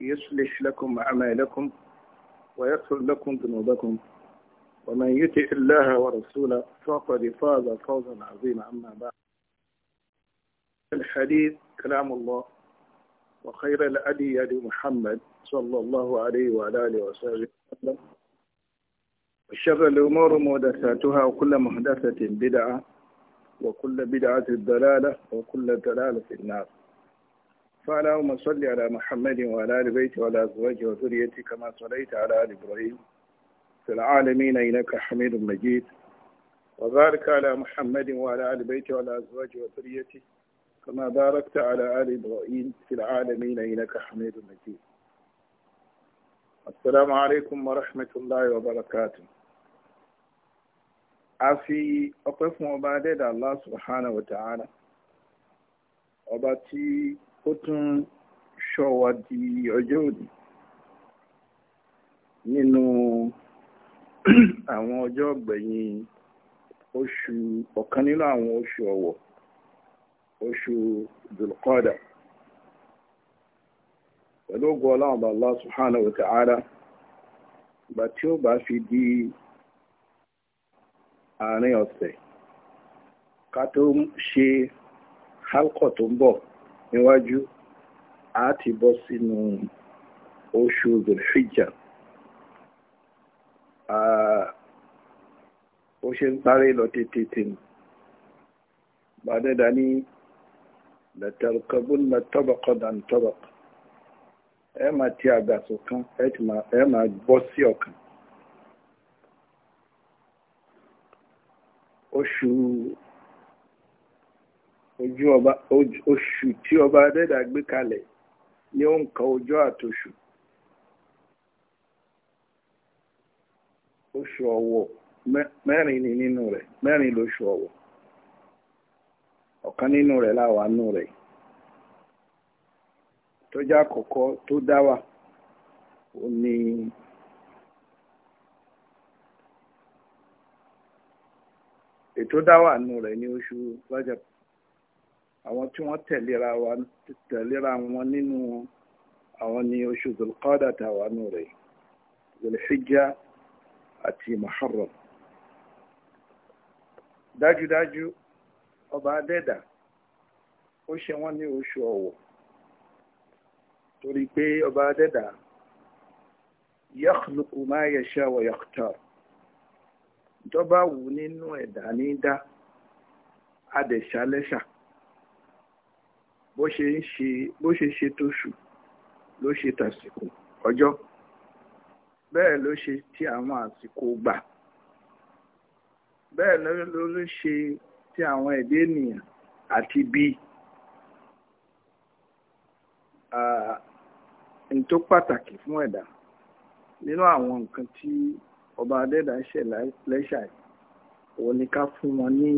يصلح لكم أعمالكم ويغفر لكم ذنوبكم ومن يطع الله ورسوله فقد فاز فوزا عظيما أما بعد الحديث كلام الله وخير الأدي يد محمد صلى الله عليه وعلى آله وسلم وشر الأمور محدثاتها وكل محدثة بدعة وكل بدعة ضلالة وكل ضلالة في النار فاللهم صل على محمد وعلى آل بيته وعلى أزواجه وذريته كما صليت على آل إبراهيم في العالمين إنك حميد مجيد وبارك على محمد وعلى آل بيته وعلى أزواجه وذريته كما باركت على آل إبراهيم في العالمين إنك حميد مجيد السلام عليكم ورحمة الله وبركاته أفي أقف مبادئ الله سبحانه وتعالى أبتي ó tún ṣọ́ wa di ọjọ́ òní nínú àwọn ọjọ́ ọ̀gbẹ̀yìn oṣù ọ̀kan nínú àwọn oṣù ọ̀wọ̀ oṣù dulqada pẹ̀lú ogun ọlọ́run bá Allah subhanahu wa ìgbà tí ó bá fi di àárín ọ̀sẹ̀ ká tó ṣe hálkọ̀ tó ń bọ̀ níwájú a ti bọ́ sínú oṣù zulhijjah ó ṣe ń parí lọ tètè bàdẹ́dà ní lẹ́tẹ̀rùkọ́bùn tọ́bọ̀kọ́dàn tọ́bọ̀kọ́ ẹ máa ti àgbàsọ kan ẹ máa gbọ́ sí ọ̀kan oṣù ojú ọba oṣù tí ọba adẹ́dà gbé kalẹ̀ ní òǹkà ọjọ́ àtòṣù oṣù ọwọ mẹ́rin ni nínú rẹ̀ rẹ lóṣù ọ̀wọ̀ ọ̀kan nínú rẹ̀ láwa nínú tó jẹ́ tó dá ó ní ètò dá oṣù àwọn tí wọ́n tẹ̀léra wa tẹ̀léra wọn nínú àwọn ni oṣù zulqada tàwa nù rẹ̀ zulhijja àti muharram dájúdájú ọba adẹ́dà ó ṣe wọ́n ní oṣù ọ̀wọ̀ torí pé ọba adẹ́dà yakhluqu ma yasha wa yakhtar tó wù nínú ẹ̀dá ní dá adẹ̀ṣálẹ́ṣà bó ṣe ń ṣe bó ṣe ṣe tóṣù ló ṣe tàsìkò ọjọ́ bẹ́ẹ̀ ló ṣe ti àwọn àsìkò gbà bẹ́ẹ̀ ló ló ṣe ti àwọn ẹ̀dá ènìyàn àti bí n tó pàtàkì fún ẹ̀dá nínú àwọn nǹkan tí ọba adẹ́dà ṣẹ̀ lẹ́ṣà òun ni ká fún wọn ní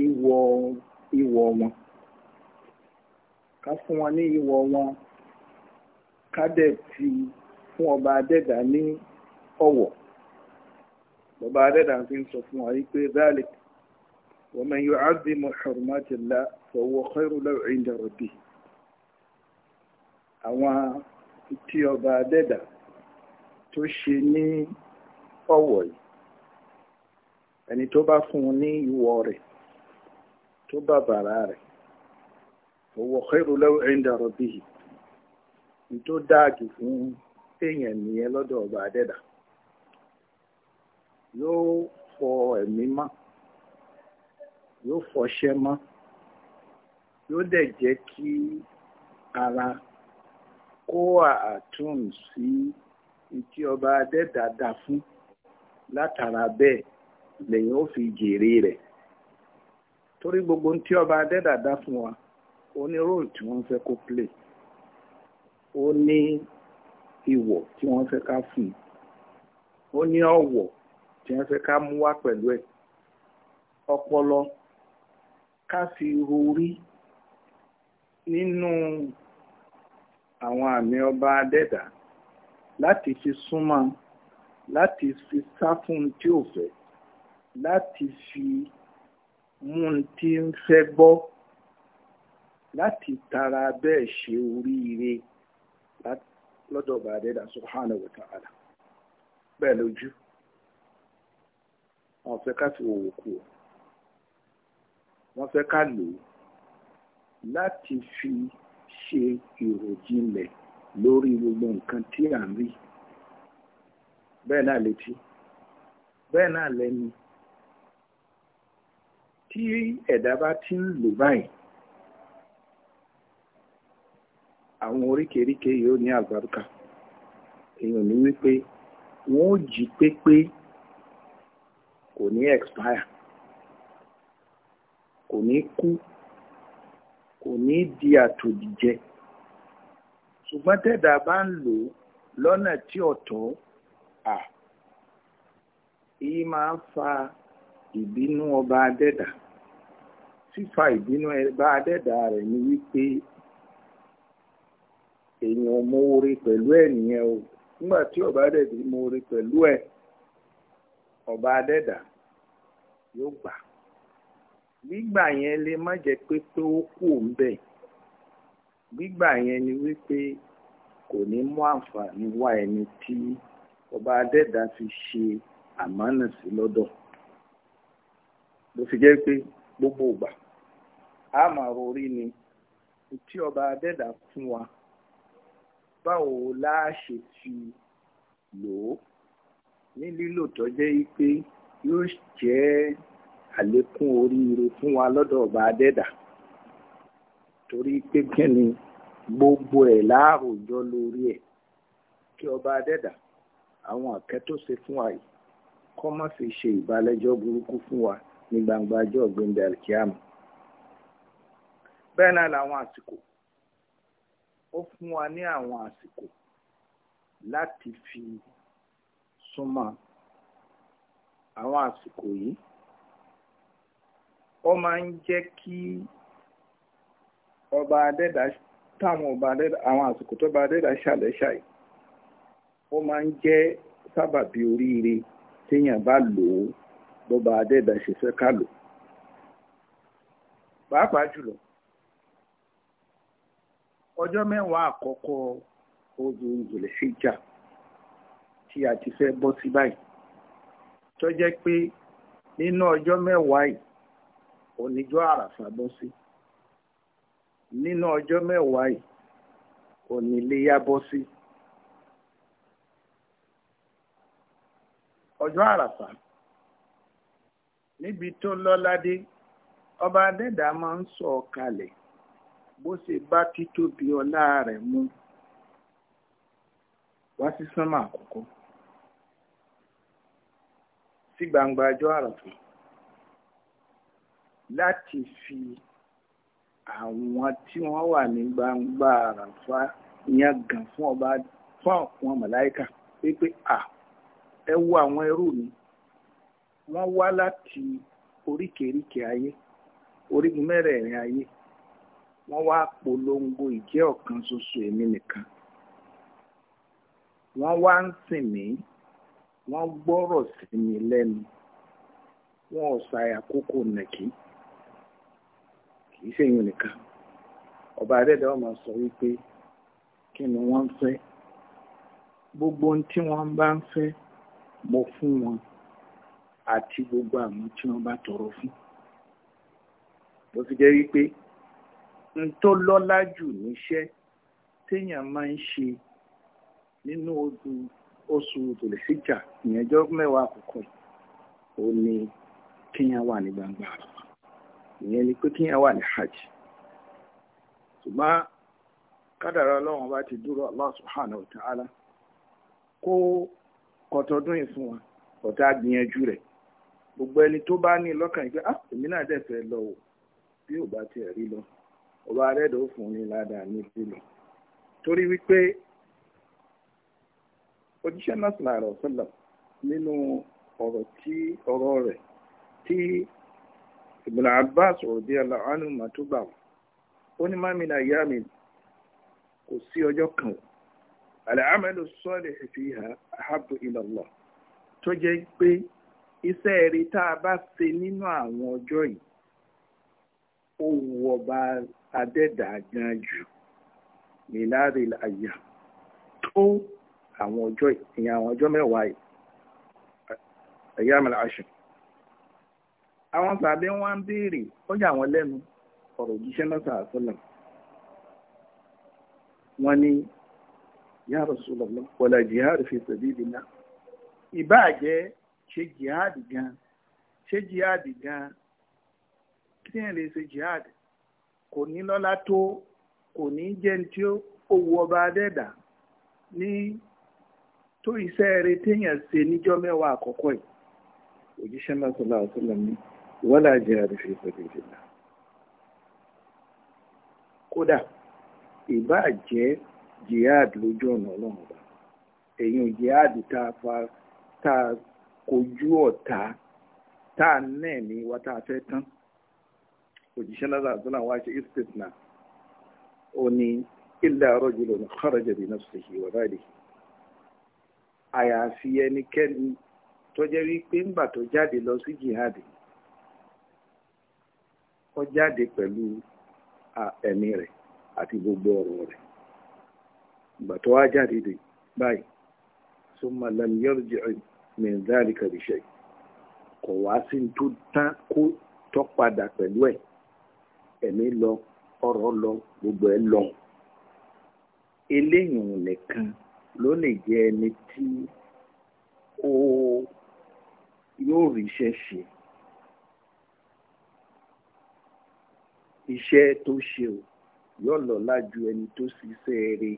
ìwọ̀ wọn ká fún wọn ní ìwọ̀ wọn ká dẹ̀ ti fún ọba adẹ́dà ní ọ̀wọ̀ ọba adẹ́dà fi ń sọ fún wa wípé dhalik wa man yu'azzimu hurmatillah fa huwa khairu lahu àwọn tí ọba adẹ́dà tó ṣe ní ọ̀wọ̀ yìí ẹni tó bá fún un ní ìwọ̀ rẹ̀ tó bá bàrà rẹ̀ owó xeru lẹ́wọ̀ ẹ̀ńdà rọ̀bì yìí tó dáa fún èèyàn nìyẹn lọ́dọ̀ ọba yóò fọ ẹ̀mí yóò yóò dẹ̀ jẹ́ kí ara kó àtún sí tí ọba adẹ́dà dá fún látara bẹ́ẹ̀ lẹ́yìn ó fi jèrè rẹ̀ torí gbogbo tí ọba adẹ́dà dá ó ní role tí wọ́n fẹ́ kó play ó ní ìwọ̀ tí wọ́n fẹ́ ká fún un ó ní ọ̀wọ̀ tí wọ́n fẹ́ ká mú wá pẹ̀lú ẹ̀ ọpọlọ ká fi rorí nínú àwọn àmì ọba adẹ́dà láti fi súnmọ́ láti fi sá fún tí ò fẹ́ láti fi mú un tí ń fẹ́ gbọ́ láti tara bẹ́ẹ̀ ṣe oríire lọ́dọ̀ bàdẹ́dà subhanahu wa ta'ala bẹ́ẹ̀ lójú wọ́n fẹ́ ká fi òwò kú ọ wọ́n fẹ́ ká lò ó láti fi ṣe ìròjinlẹ̀ lórí gbogbo nǹkan tí à ń rí bẹ́ẹ̀ náà létí bẹ́ẹ̀ náà lẹ́nu tí ẹ̀dá bá ti ń lò báyìí àwọn oríkèéríkè yóò ní àlùbáríkà èèyàn ní wípé wọn ò jí pépé kò ní expire kò ní kú kò ní di àtòjìjẹ ṣùgbọ́n tẹ́dà bá ń lò lọ́nà tí ọ̀tọ̀ à èyí máa ń fa ìbínú ọba adẹ́dà fífa ìbínú ọba adẹ́dà rẹ̀ ni wípé èèyàn mowórí pẹ̀lú ẹ̀ nìyẹn o nígbà tí ọba dẹ̀dí mowórí pẹ̀lú ẹ̀ ọba adẹ́dà yóò gbà gbígbà yẹn lè má jẹ́ pé pé ó kù ń bẹ̀ gbígbà yẹn ni wípé kò ní mú àǹfààní wá ẹni tí ọba adẹ́dà fi ṣe àmánà sí lọ́dọ̀ ló fi jẹ́ pé gbogbo ìgbà a máa rorí ni tí ọba adẹ́dà fún wa. báwo la ṣe ti lò ó ní lílò tó jẹ́ pé yóò jẹ́ àlékún oríire fún wa lọ́dọ̀ ọba adẹ́dà torí pé kí ni gbogbo ẹ̀ láàròjọ lórí ẹ̀ kí ọba adẹ́dà àwọn àkẹ́ tó ṣe fún wa yìí kọ́ má fi ṣe ìbálẹ́jọ́ burúkú fún wa ní gbangba ọjọ́ ọ̀gbìn dàlkíámù bẹ́ẹ̀ náà làwọn àsìkò ó fún wa ní àwọn àsìkò láti fi súnmọ́ àwọn àsìkò yìí ó máa ń jẹ́ kí ọba adẹ́dà táwọn ọba adẹ́dà àwọn àsìkò tó ọba adẹ́dà ṣàlẹ́ṣà yìí ó máa ń jẹ́ sábàbí oríire téèyàn bá lò ó bọ́ba adẹ́dà ṣe fẹ́ ká lò pàápàá jùlọ ọjọ́ mẹ́wàá àkọ́kọ́ oṣù Zulhijja tí a ti fẹ́ bọ́ sí báyìí tó jẹ́ pé nínú ọjọ́ mẹ́wàá yìí oníjọ́ àràfà bọ́ sí nínú ọjọ́ mẹ́wàá yìí oníléyà bọ́ sí. ọjọ́ àràfà níbi tó lọ́ládé ọba adẹ́dàá máa ń sọ̀ kalẹ̀. So bó ṣe bá títóbi ọlá rẹ̀ mú wá sí sánmà àkọ́kọ́ sí gbangba ọjọ́ àràtò láti fi àwọn tí wọ́n wà ní gbangba àràfá yẹn gàn fún ọba fún àwọn màláìkà pé à ẹ wo àwọn ẹrú mi wọ́n wá láti oríkèéríkèé ayé orígun mẹ́rẹ̀ẹ̀rin ayé wọ́n wá polongo ìjẹ́ ọ̀kan ṣoṣo èmi nìkan wọ́n wá ń sìn mí wọ́n gbọ́rọ̀ sí mi lẹ́nu wọn ò ṣàyà kókó nàkí kìí ṣèyún nìkan ọba adẹ́dẹ́ ọmọ sọ wípé kí ni wọ́n ń fẹ́ gbogbo ohun tí wọ́n bá ń fẹ́ mo fún wọn àti gbogbo àwọn tí wọ́n bá tọrọ fún ló fi jẹ́ wípé n tó lọ́lá jù níṣẹ́ téèyàn máa ń ṣe nínú oṣù tòlẹ́síjà ìyẹnjọ́ mẹ́wàá àkọ́kọ́ ò ní kíyàn wà ní gbangba ìyẹn ni pé kíyàn wà ní hajj ṣùgbọ́n kádàrá ọlọ́run bá ti dúró Allah subhanahu wa ta'ala kó kọtọdún yìí fún wa ọ̀tá gbìyànjú rẹ̀ gbogbo ẹni tó bá ní lọ́kàn yìí pé ah èmi náà dẹ̀ fẹ́ lọ o bí ò bá tiẹ̀ rí lọ ọba rẹ̀dọ̀ fún ni ládàá ní ìpìlẹ̀ torí wípé òjíṣẹ́ náà sọ̀rọ̀ àrọ̀ nínú ọ̀rọ̀ tí ọ̀rọ̀ rẹ̀ tí Ibn Abbas radiyallahu anhu tó gbà wọ́n ó ní mami na ìyá mi kò sí ọjọ́ kan o amalu tó jẹ́ pé iṣẹ́ rí tá a bá ṣe nínú ọba adẹ́dàá gan jù mìláàrí àyà tó àwọn ọjọ́ ìyẹn àwọn ọjọ́ mẹ́wàá yìí ẹ̀yà àmàlà àṣà àwọn tàbí wọn ń béèrè ọjà àwọn lẹ́nu ọ̀rọ̀ òjíṣẹ́ náà sàásùlẹ̀ wọn ni ya Rasulullah wala jihad fi sabilillah ìbáà jẹ́ ṣe jihad gan ṣe jihad gan kí ni ẹ lè ṣe jihad kò ní lọ́lá tó kò ní jẹ́ ní tí ó wu ọba adẹ́dà ní tó iṣẹ́ rẹ téèyàn ṣe níjọ́ mẹ́wàá àkọ́kọ́ yìí òjíṣẹ́ lọ́sọ̀lá ọ̀sọ̀lá ní wọ́lá jẹ́ àrífẹ́ ìfẹ́lẹ́dẹ́lá kódà ìbá jẹ́ jihad lójú ọ̀nà ọlọ́run ọba èyàn jihad tá a fa tá a kojú ọ̀tá tá a náà ní wa tá a fẹ́ tán òjíṣẹ́ lásán àwọn aṣe istisna ó ní illa rajulun kharaja bi nafsihi wa malihi àyàfi ẹnikẹ́ni tó jẹ́ wípé ńgbà tó jáde lọ sí jihad ó jáde pẹ̀lú ẹ̀mí rẹ̀ àti gbogbo ọ̀rọ̀ rẹ̀ ìgbà tó wá jáde dé báyìí summa lam yarji min dhalika kò wá sí tó tán kó tọ́ padà pẹ̀lú ẹ̀ ẹ̀mí lọ ọ̀rọ̀ lọ gbogbo ẹ̀ lọ. eléyìí nìkan ló lè jẹ́ ẹni tí ó yóò ríṣẹ́ ṣe. iṣẹ́ tó ṣe o yóò lọ lájú ẹni tó ṣiṣẹ́ rẹ̀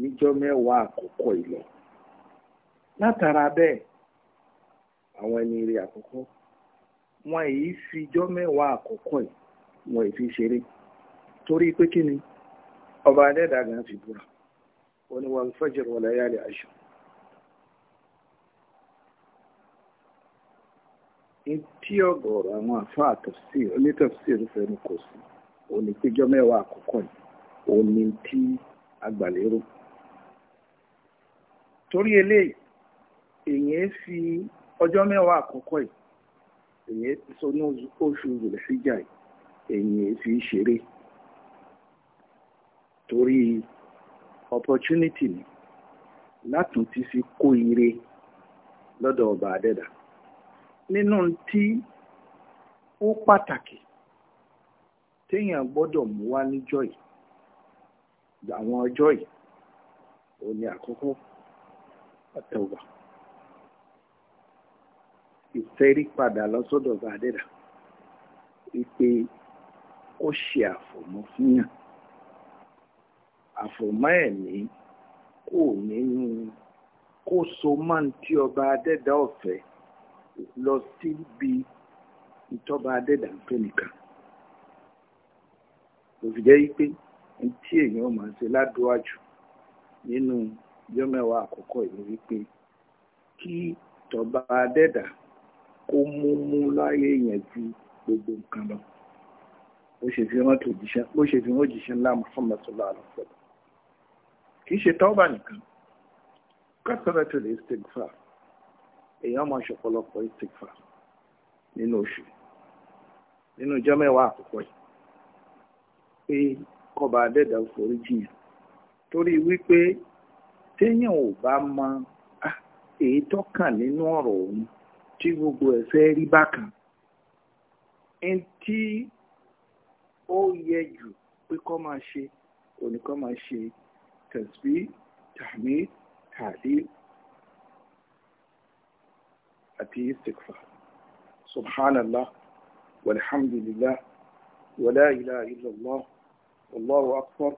níjọ́ mẹ́wàá àkọ́kọ́ ìlọ. látara bẹ́ẹ̀ àwọn ẹni rẹ̀ àkọ́kọ́ wọn èyí fi jọ́ mẹ́wàá àkọ́kọ́ yìí wọn ì fi ṣeré torí pé kí ni ọba adẹ́dàá gan fi búra ó ní wal fajr wa layali ashr tí ọ̀gọ̀ọ̀rọ̀ àwọn àfa àtọ̀sí onítọ̀sí ìrúfẹ́nu kò sí òní péjọ mẹ́wàá àkọ́kọ́ yìí òní tí agbàlérò torí eléyìí èyàn fi ọjọ́ mẹ́wàá àkọ́kọ́ yìí èyàn sọ ní oṣù rẹ̀ síjà yìí èyìn fi ṣeré torí opportunity ni látún ti fi kó ire lọ́dọ̀ ọba adẹ́dà nínú tí ó pàtàkì téèyàn gbọ́dọ̀ mú wá níjọ́ yìí àwọn ọjọ́ yìí òun ni àkọ́kọ́ àtẹ̀wà ìfẹ́rí padà lọ sọ́dọ̀ ọba àdẹ́dà ìpè kó ṣe àfòmọ́ fún yàn àfòmọ́ ẹ̀mí kò nínú kó so máa ń tí ọba adẹ́dá ọ̀fẹ́ lọ síbi ìtọ́ba adẹ́dá ń pè nìkan ló fi jẹ́ pé tí èèyàn máa ṣe ládùúwájú nínú ọjọ́ mẹ́wàá àkọ́kọ́ yìí wípé kí tọ́ba adẹ́dá kó mú mú láyé yẹn ju gbogbo nǹkan lọ bó ṣe fi wọ́n ńlá Muhammad sallallahu alaihi wasallam ṣe tọ́ọ̀bà nìkan kọ́sọ̀rọ̀ lè stigfa èèyàn máa ṣọ̀pọ̀lọpọ̀ stigfa nínú oṣù nínú ọjọ́ mẹ́wàá àkọ́kọ́ pé kọba adẹ́dà forí jiyàn torí wípé téèyàn ò bá mọ ah, èyí tó nínú ọ̀rọ̀ òun tí gbogbo ẹ̀ fẹ́ rí bákan ẹni tí ó yẹ jù pé kọ́ máa ṣe oníkọ́ máa ṣe tẹ̀sbí tàmí tàlí àti istikfa subhanallah walhamdulillah wala ilaha illallah wallahu akbar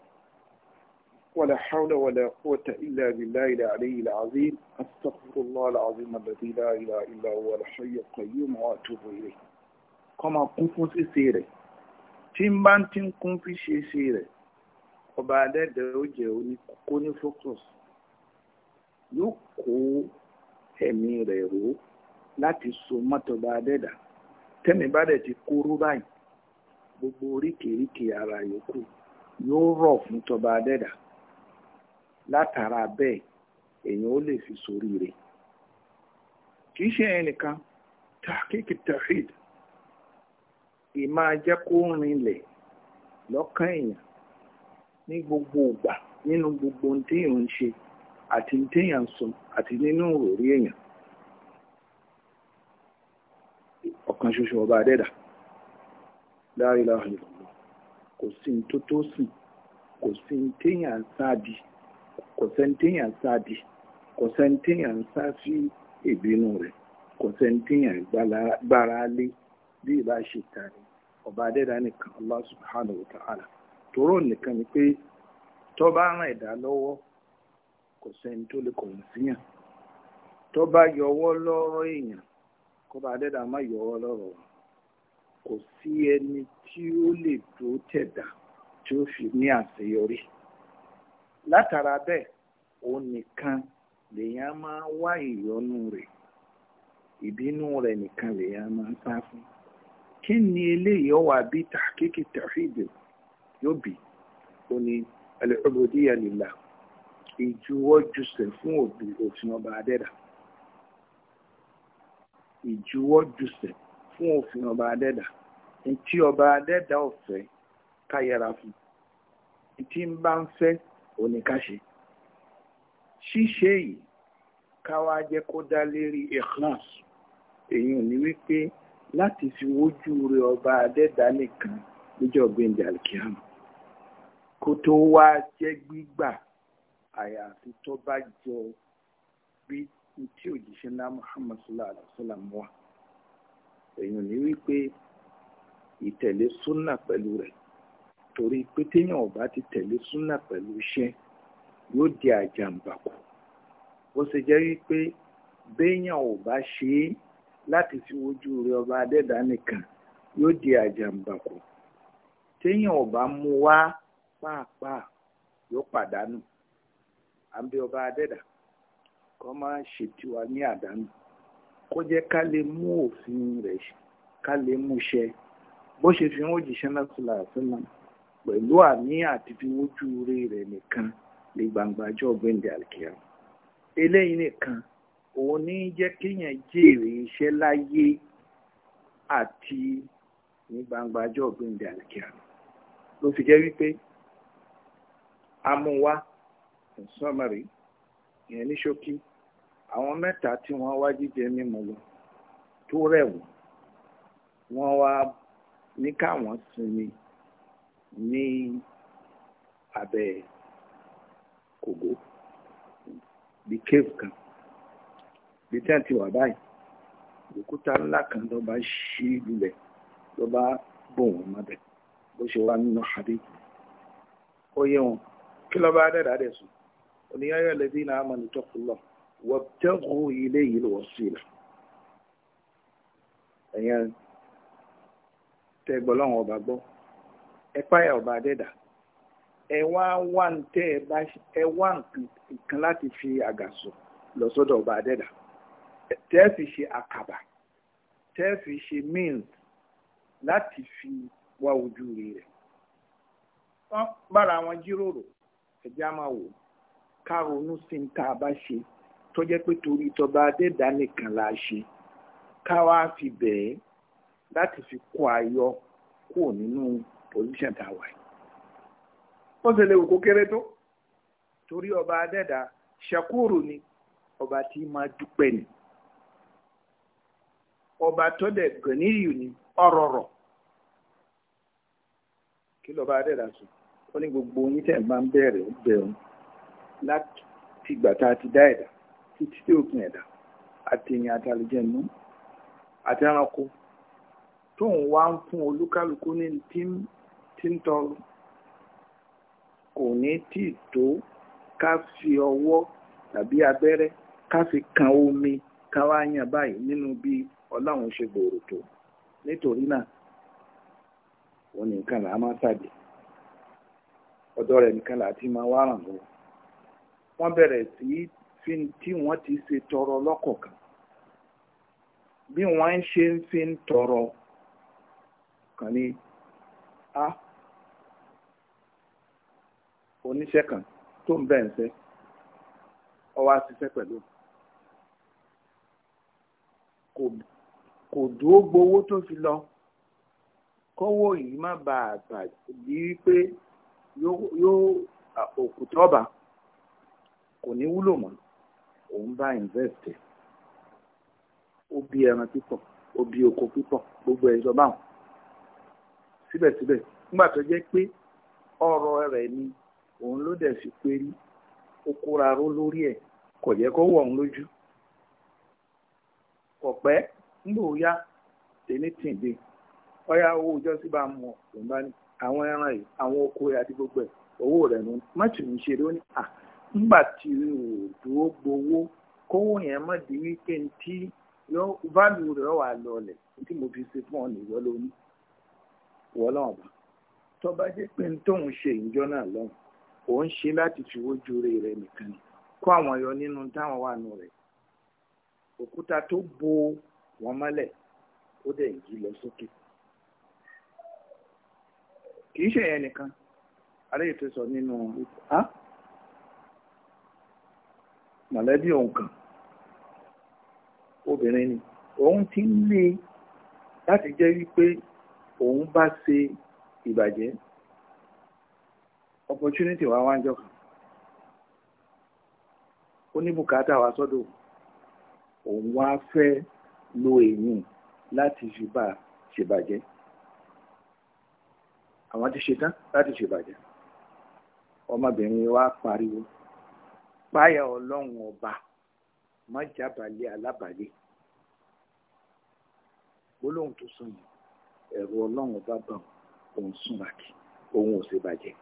ولا حول ولا قوة إلا بالله العلي العظيم أستغفر الله العظيم الذي لا إله إلا هو الحي القيوم وأتوب إليه kọ́ máa kún fún ṣíṣe rẹ̀ tí ń bá ti ń kún fi ṣe ṣe rẹ̀ ọba adẹ́dẹ̀ ó jẹ́ kó ní focus yóò kó ẹ̀mí rẹ̀ ró láti so mọ́tọba adẹ́dà tẹ́mi bá dẹ̀ ti kúrú báyìí gbogbo oríkèéríkèé ara yòókù yóò rọ̀ fún tọba adẹ́dà látara bẹ́ẹ̀ èèyàn ó lè fi sórí kì í ṣe ẹnìkan tàkìkì tàhídì ìmáa jẹ́ kó rinlẹ̀ lọ́kàn èèyàn ní gbogbo ìgbà nínú gbogbo ohun téèyàn ń ṣe àti téèyàn ń sọ àti nínú òrí èèyàn ọ̀kan ṣoṣo ọba adẹ́dà la ilaha illallah kò sí ní sìn kò sí ní sáàdì kò sẹ́ni téèyàn sáàdì kò sẹ́ni téèyàn sá ìbínú rẹ̀ kò sẹ́ni téèyàn gbára lé bí ìbá ṣe tani ọba adẹ́dá nìkan Allah subhanahu wa ta'ala nìkan ni pé tó bá ràn ẹ̀dá lọ́wọ́ kò sẹ́ni tó lè kọ̀yìn síyàn tó bá yọwọ́ lọ́rọ̀ èèyàn kọba adẹ́dá má yọwọ́ lọ́rọ̀ kò sí ẹni tí ó lè tó tẹ̀dá tí ó fi ní àṣeyọrí kí ni eléyìí ọwà bí tàkíkì tàfíìdì yóò bì ó ní al-ubudiyya lillah ìjuwọ́júsẹ̀ fún òbí òfin ọba adẹ́dà ìjuwọ́júsẹ̀ fún òfin ọba adẹ́dà ntí ọba adẹ́dà ọ̀fẹ́ ká yẹra fún ntí ń bá ń fẹ́ oníkàṣe ṣíṣe yìí káwá jẹ́ kó dá lérí ikhlas èyí ò ní wípé láti fi wojú rẹ ọba adẹ́dá nìkan níjọ́ gbẹ̀ndẹ̀ alikiam kó tó wá jẹ́ gbígbà àyàfi tó bá jọ bí tí òjíṣẹ́ ńlá muhammad sallallahu alaihi wa sallam wà èèyàn ní wípé ìtẹ̀lé súnà pẹ̀lú rẹ̀ torí pé téèyàn ọba ti tẹ̀lé súnà pẹ̀lú iṣẹ́ yóò di àjàǹbàkù bó ṣe jẹ́ wípé béèyàn ò ṣe é láti fi wojú rẹ ọba adẹ́dá nìkan yóò di àjàǹbàkù téèyàn ò bá mú wá pàápàá yóò pàdánù à ń bẹ ọba adẹ́dá kó máa ṣètìwá ní àdánù kó jẹ́ ká lè mú òfin rẹ̀ ká lè mú ṣẹ bó ṣe fi wọ́n jìṣẹ́ náà sílẹ̀ àfihàn pẹ̀lú àní àti fi wojú rẹ nìkan lè gbàǹgbàjọ́ ọ̀gbẹ́ndẹ̀ àlùkìyà eléyìí nìkan òun ní jẹ́ kéèyàn jèrè iṣẹ́ láyé àti ní gbangba ọjọ́ ògbìndẹ̀ àlàkíyà ló fi jẹ́ wípé amúwá ìsọmọrì ìyẹn ní ṣókí àwọn mẹ́ta tí wọ́n wá jíjẹ mímu lọ tó rẹ̀wọ̀n wọ́n wá ní káwọn sinmi ní abẹ́ kògó bíi cave kan bí tí wọ́n ti wà báyìí òkúta ńlá kan ló bá ṣí lulẹ̀ ló bá bò wọ́n mọ́bẹ̀ bó ṣe wá nínú àdé ó yé wọn kí ló bá dẹ̀dà dẹ̀ sùn oníyáyọ̀ lẹ́bí náà á mọ̀ ní tọ́kùlọ̀ wọ́pẹ́kù ilé yìí lọ́wọ́ sí ilẹ̀ ẹ̀yẹn tẹ́gbọ́ ọba gbọ́ ẹ páyà ọba dẹ̀dà ẹ wá wá ń tẹ́ ẹ wá nǹkan láti fi àgàsọ lọ sọ́dọ̀ ọba dẹ̀dà tẹ́ẹ̀fì ṣe àkàbà tẹ́ẹ̀fì ṣe meal láti fi wá ojú rẹ̀ wọ́n bára wọn jíròrò ẹ̀já máa wò ká ronú sí ní tá a bá ṣe tó jẹ́ pé torí tọba adẹ́dá nìkan la ṣe ká wá fi bẹ̀ẹ́ láti fi kó ayọ̀ kúrò nínú pòsíṣàn tá a wà yìí. ó sì lè kéré tó torí ọba adẹ́dá ṣakúrò ni ọba tí máa dúpẹ́ ni ọba tó dẹ̀ gàníyù ni ọ̀rọ̀rọ̀ kí lọ́ba adẹ́dà sùn ó ní gbogbo yín tẹ̀ máa ń bẹ̀rẹ̀ ó bẹ̀rù láti ìgbà tá a ti dá ẹ̀dá títí tí òpin ẹ̀dá àtẹ̀yìn àtàlùjẹ̀nu àti ẹranko tóun wá ń fún olúkálukú ní tí ń tọrọ kò ní tí ì tó ká fi ọwọ́ tàbí abẹ́rẹ́ ká fi kan omi ká wá yàn báyìí nínú bíi ọláwọn ṣe gbòòrò tó nítorí náà òun nìkan là á máa tàbí ọ̀dọ̀ rẹ̀ nìkan là á ti máa wá ràn lọ́wọ́ wọ́n sí fi tí wọ́n ti ṣe tọrọ lọ́kọ̀ọ̀kan bí wọ́n ṣe ń fi tọrọ kan ní a oníṣẹ́ kan tó ń bẹ̀ ń fẹ́ ọ pẹ̀lú kò dúró gbowó tó fi lọ kówó yìí má bàa bà bí wípé yóò òkùtọ́ba kò ní wúlò mọ́ òun bá invest ẹ̀ ó bí ẹran pípọ̀ ó bí oko pípọ̀ gbogbo ẹ̀ ìjọba àwọn síbẹ̀síbẹ̀ nígbà tó jẹ́ pé ọ̀rọ̀ rẹ̀ ni òun ló dẹ̀ fi pé ó kóra ró lórí ẹ̀ kò jẹ́ kó wọ̀ ọ́n lójú kò ńgbò ya tèmi tìǹde ọya owó ọjọ́ sí bá mọ̀ òun àwọn ẹran yìí àwọn oko rẹ̀ àti gbogbo ẹ̀ owó rẹ̀ nù mọ́tì ní ṣe à ńgbà tí o dúró gbowó kówó yẹn mọ̀ di wípé tí válù rẹ̀ wà lọlẹ̀ tí mo fi ṣe fún ọ jẹ́ pé ń tóun ṣe ìjọ náà lọ́hùn ṣe láti fi rẹ̀ nìkan kó àwọn yọ nínú táwọn wà nù rẹ̀ òkúta tó bo wọ́n mọ́lẹ̀ ó dẹ̀ yí lọ sókè kì í ṣe ẹ̀yẹ nìkan aléyìí tó sọ nínú mọ̀lẹ́bí òun kan obìnrin ni òun ti ń lé láti jẹ́ wípé òun bá ṣe ìbàjẹ́ opportunity wa wá ń jọ kan ó ní bùkátà wa sọ́dọ̀ òun wá fẹ́ lo èyí láti fi bá ṣèbàjẹ́ àwọn ti ṣetán láti ṣèbàjẹ́ ọmọbìnrin wa pariwo páyà ọlọ́run ọba má jábàlẹ̀ alábàlẹ̀ gbólóhùn tó sùn yìí ẹ̀rù ọlọ́run ọba bá òun sùn ràkì òun ò ṣe bàjẹ́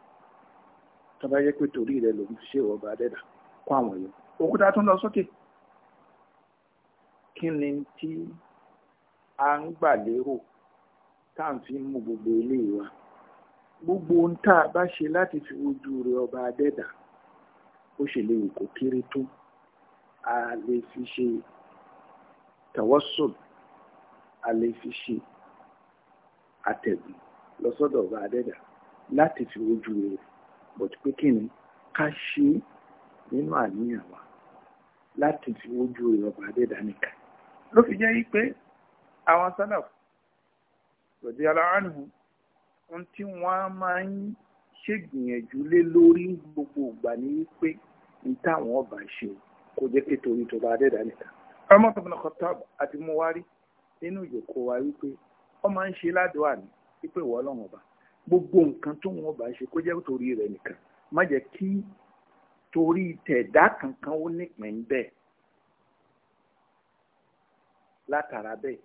tó pé torí rẹ lòun fi ṣe ìwọ̀ba adẹ́dà kó àwọn yẹn òkúta tó ń lọ sókè kí ni tí a ń gbà lérò tá à ń fi mú gbogbo ilé wa gbogbo ohun tá a bá ṣe láti fi wojú rẹ ọba adẹ́dà ó ṣe lè wù kó kéré tó a lè fi ṣe tawassul a lè fi ṣe àtẹ̀gùn lọ́sọ́dọ̀ ọba adẹ́dà láti fi wojú rẹ bọ̀tú pé kí ni ká ṣe nínú àníyàn wa láti fi wojú rẹ ọba adẹ́dà nìkan ló fi jẹ́ wípé àwọn sálàf rọ̀dí aláàánú ohun tí wọ́n máa ń ṣègbìyànjú lé lórí gbogbo ìgbà ní wípé ní táwọn ọba ṣe kó jẹ́ pé torí tó bá dẹ́dà nìta ọmọ tọ́pọ̀ náà kọ́tà àti mú wá rí nínú ìjòkó wa wípé wọ́n máa ń ṣe ládùúgbò ní wípé ìwọ ọlọ́run ọba gbogbo nǹkan tó wọn ọba ṣe kó jẹ́ torí rẹ̀ nìkan má jẹ́ kí torí tẹ̀dá kankan ó nípìn bẹ́ẹ̀ látara bẹ́ẹ̀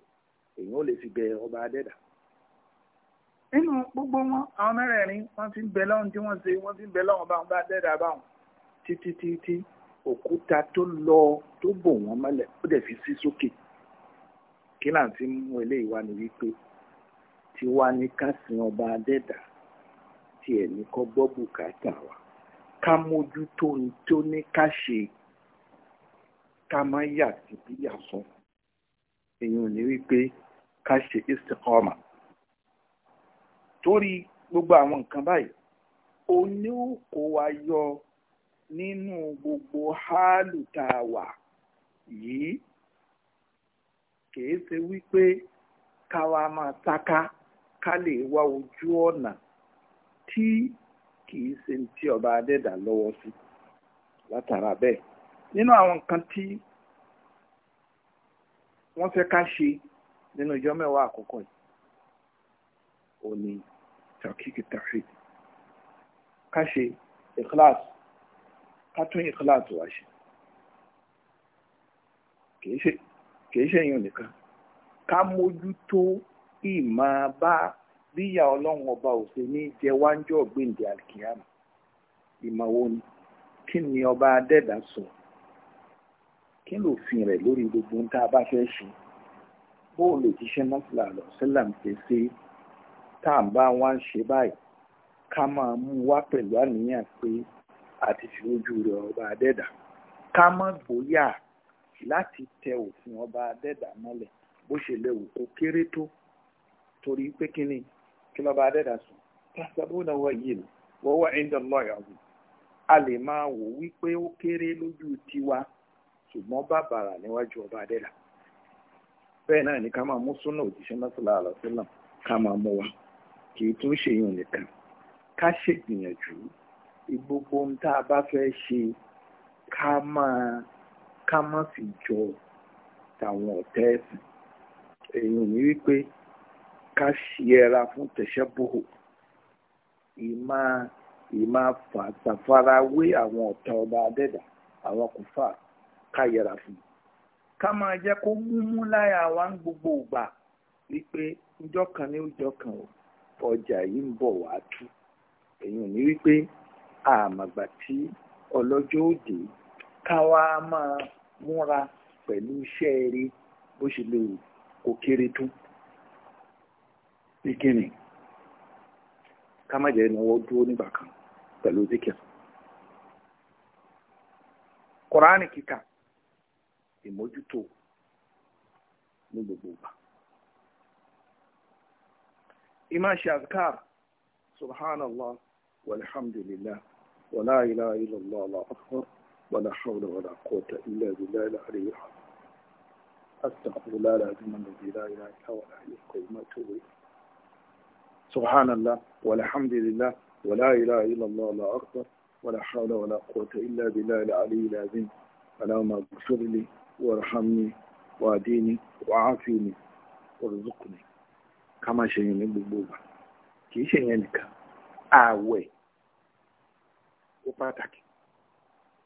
èèyàn ò lè fi bẹ ọba adẹ́dà. nínú gbogbo wọn àwọn mẹ́rẹ̀ẹ̀rin wọ́n fi ń bẹ lọ́hùn tí wọ́n ṣe wọ́n fi ń bẹ lọ́hùn báwọn bá adẹ́dà báwọn títí títí òkúta tó lọ tó bò wọ́n mọ́lẹ̀ ó dẹ̀ fi sí sókè kí náà ti mú eléyìí wá ní wípé tiwa ní ká sin ọba adẹ́dà tiẹ̀ ní kọ́ gbọ́ bùkátà wa ká mójútó ní tó ní ká ṣe ká má yà sí bí èyàn ní wípé ká ṣe istiqama torí gbogbo àwọn nǹkan báyìí ó ní ó wa yọ nínú gbogbo háàlù tá yi wà yìí kìí ṣe wípé ká wa máa taka ká lè wá ojú ọ̀nà tí kìí ṣe tí ọba adẹ́dà lọ́wọ́ sí látara bẹ́ẹ̀ nínú àwọn nǹkan tí. wọ́n fẹ́ ká ṣe nínú ìjọ mẹ́wàá àkọ́kọ́ yìí ò ní tàkìkì tàfíìd ká ṣe ìkíláàs ká tún ìkíláàs wá ṣe kìí ṣe èèyàn nìkan ká mójútó ìmọ̀ bá bíyà ọlọ́run ọba òsè ní jẹ wáńjọ́ gbèǹdé àlìkíyàmù ìmọ̀ wo ni kí ni ọba adẹ́dà sọ. So kí ló fi rẹ̀ lórí gbogbo tá a bá fẹ́ ṣe bó lè jíṣẹ́ mọ́sílà lọ sílàm ṣe ṣe tá à ń bá wá ń ṣe báyìí ká máa mú wá pẹ̀lú àníyàn pé àti fi ojú rẹ̀ ọba adẹ́dà ká má gbóyà láti tẹ òfin ọba adẹ́dà mọ́lẹ̀ bó ṣe léwu kó kéré tó torí pé kí ni kí lọ́ba adẹ́dà sùn tásàbọ̀nà wọ yìí ni wọ́n wá ẹ̀ńdọ̀ lọ́ọ̀yà ọ̀hún a lè máa wò wípé ó kéré lójú tiwa ṣùgbọ́n bàbàrà níwájú ọba adẹ́là bẹ́ẹ̀ náà ni ká máa mú súnà òjíṣẹ́ mọ́sálà àlọ́sílà ká máa mú wa kì í tún ṣe yàn nìkan ká ṣègbìyànjú gbogbo ohun tá a bá fẹ́ ṣe ká máa ká má fi jọ tàwọn ọ̀tẹ́ ẹ̀sìn èèyàn ní wípé ká ṣiẹra fún tẹ̀sẹ̀ bòhò ìmá ìmá fàtàfarawé àwọn ọ̀tá ọba adẹ́dà àwọn kò fà á. ká yẹra fún ka ká máa jẹ́ kó múmú gbogbo ìgbà wípé ọjọ́ kan ní ọjọ́ kan ọjà yìí ń bọ̀ wá tú èyàn ní wípé àmàgbà tí ọlọ́jọ́ òde ká wá máa múra pẹ̀lú iṣẹ́ eré bó ṣe lè kó kéré tún ìkíni ká má ìmójútó ní gbogbo ìgbà. ìmá ṣe azkar subhanallah walhamdulillah wàlá ilaha illallah allahu akbar wàlá hawla wàlá quwwata illa billahi al-aliyyil azim. أستغفر الله العظيم الذي لا إله إلا هو الحي القيوم أتوب إليه سبحان الله والحمد لله ولا إله إلا الله لا أكبر ولا حول ولا قوة إلا بالله العلي العظيم اللهم اغفر لي وارحمني واديني وعافيني وارزقني kama ṣe yìn ní gbogbo ìgbà kì í ṣe yẹn o pataki ó pàtàkì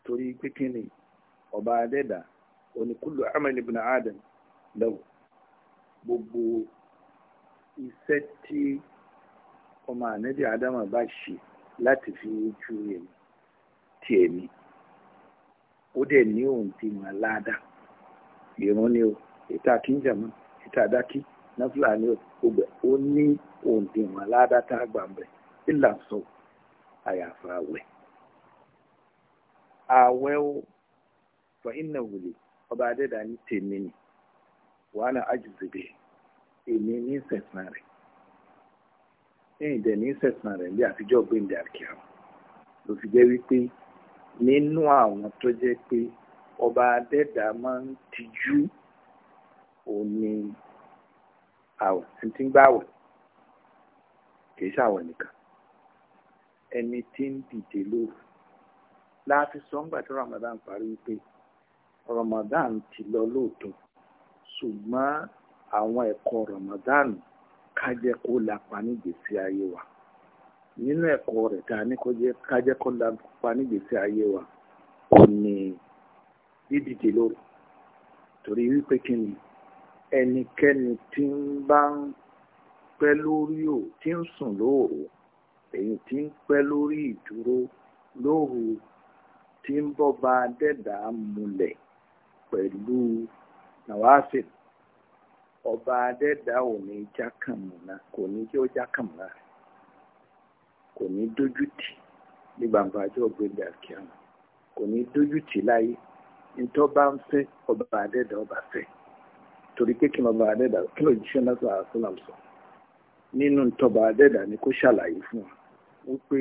torí ọ kí ni ọba adẹ́dà oníkúlù adam adama bá ṣe lati fi ojú ti emi o de ni ti ma lada ìrún ni o ìta kíńjàmọ́ ìta dákí náfìlà ni o gbogbo ní òǹdìwọ̀n aládàtà gbàǹbẹ̀ ìlà àyàfà àwẹ̀ àwẹ̀ o fọ iná wùlé ọba adẹ́dà ní tèmi ni wàá na ájùzìbè èmi ní sẹ̀sán rẹ̀ ẹ̀yìn ní sẹ̀sán rẹ̀ bí àfijọ́ gbẹ̀ǹdẹ̀ àkíyàwó ló fi jẹ́ wípé nínú àwọn tó jẹ́ pé ọba adẹ́dà máa ń tijú òní àwẹ̀ ẹni tí ń gbà àwẹ̀ kìí ṣàwẹ̀ nìkan ẹni tí ń dìde lóru láàfin sọ́ngbà tí Ramadan parí wípé Ramadan ti lọ lóòótọ́ ṣùgbọ́n àwọn ẹ̀kọ́ Ramadan kájẹ́ kó lapa nígbèsí ayé wa nínú ẹ̀kọ́ rẹ̀ tá a ní kó jẹ́ kájẹ́ kó lapa nígbèsí ayé wa kò ní. dídìde lọrọ torí wípé kí ni ẹnikẹ́ni tí ń bá ń pẹ́ lórí ò tí ń sùn lóru èyí tí ń pẹ́ lórí ìdúró lóru tí ń bọ́ba dẹ́dà múlẹ̀ pẹ̀lú ọba adẹ́dà ò ní jákàmùnà kò ní jẹ́ kò ní dójútì ní nítorí bá ń fẹ́ ọba àdẹ́dà ọba fẹ́ torí pé kí ọba àdẹ́dà kí ló jíṣẹ́ náà sọ̀rọ̀ àṣọlá sọ nínú ntọ́ba àdẹ́dà ni kó ṣàlàyé fún wa wípé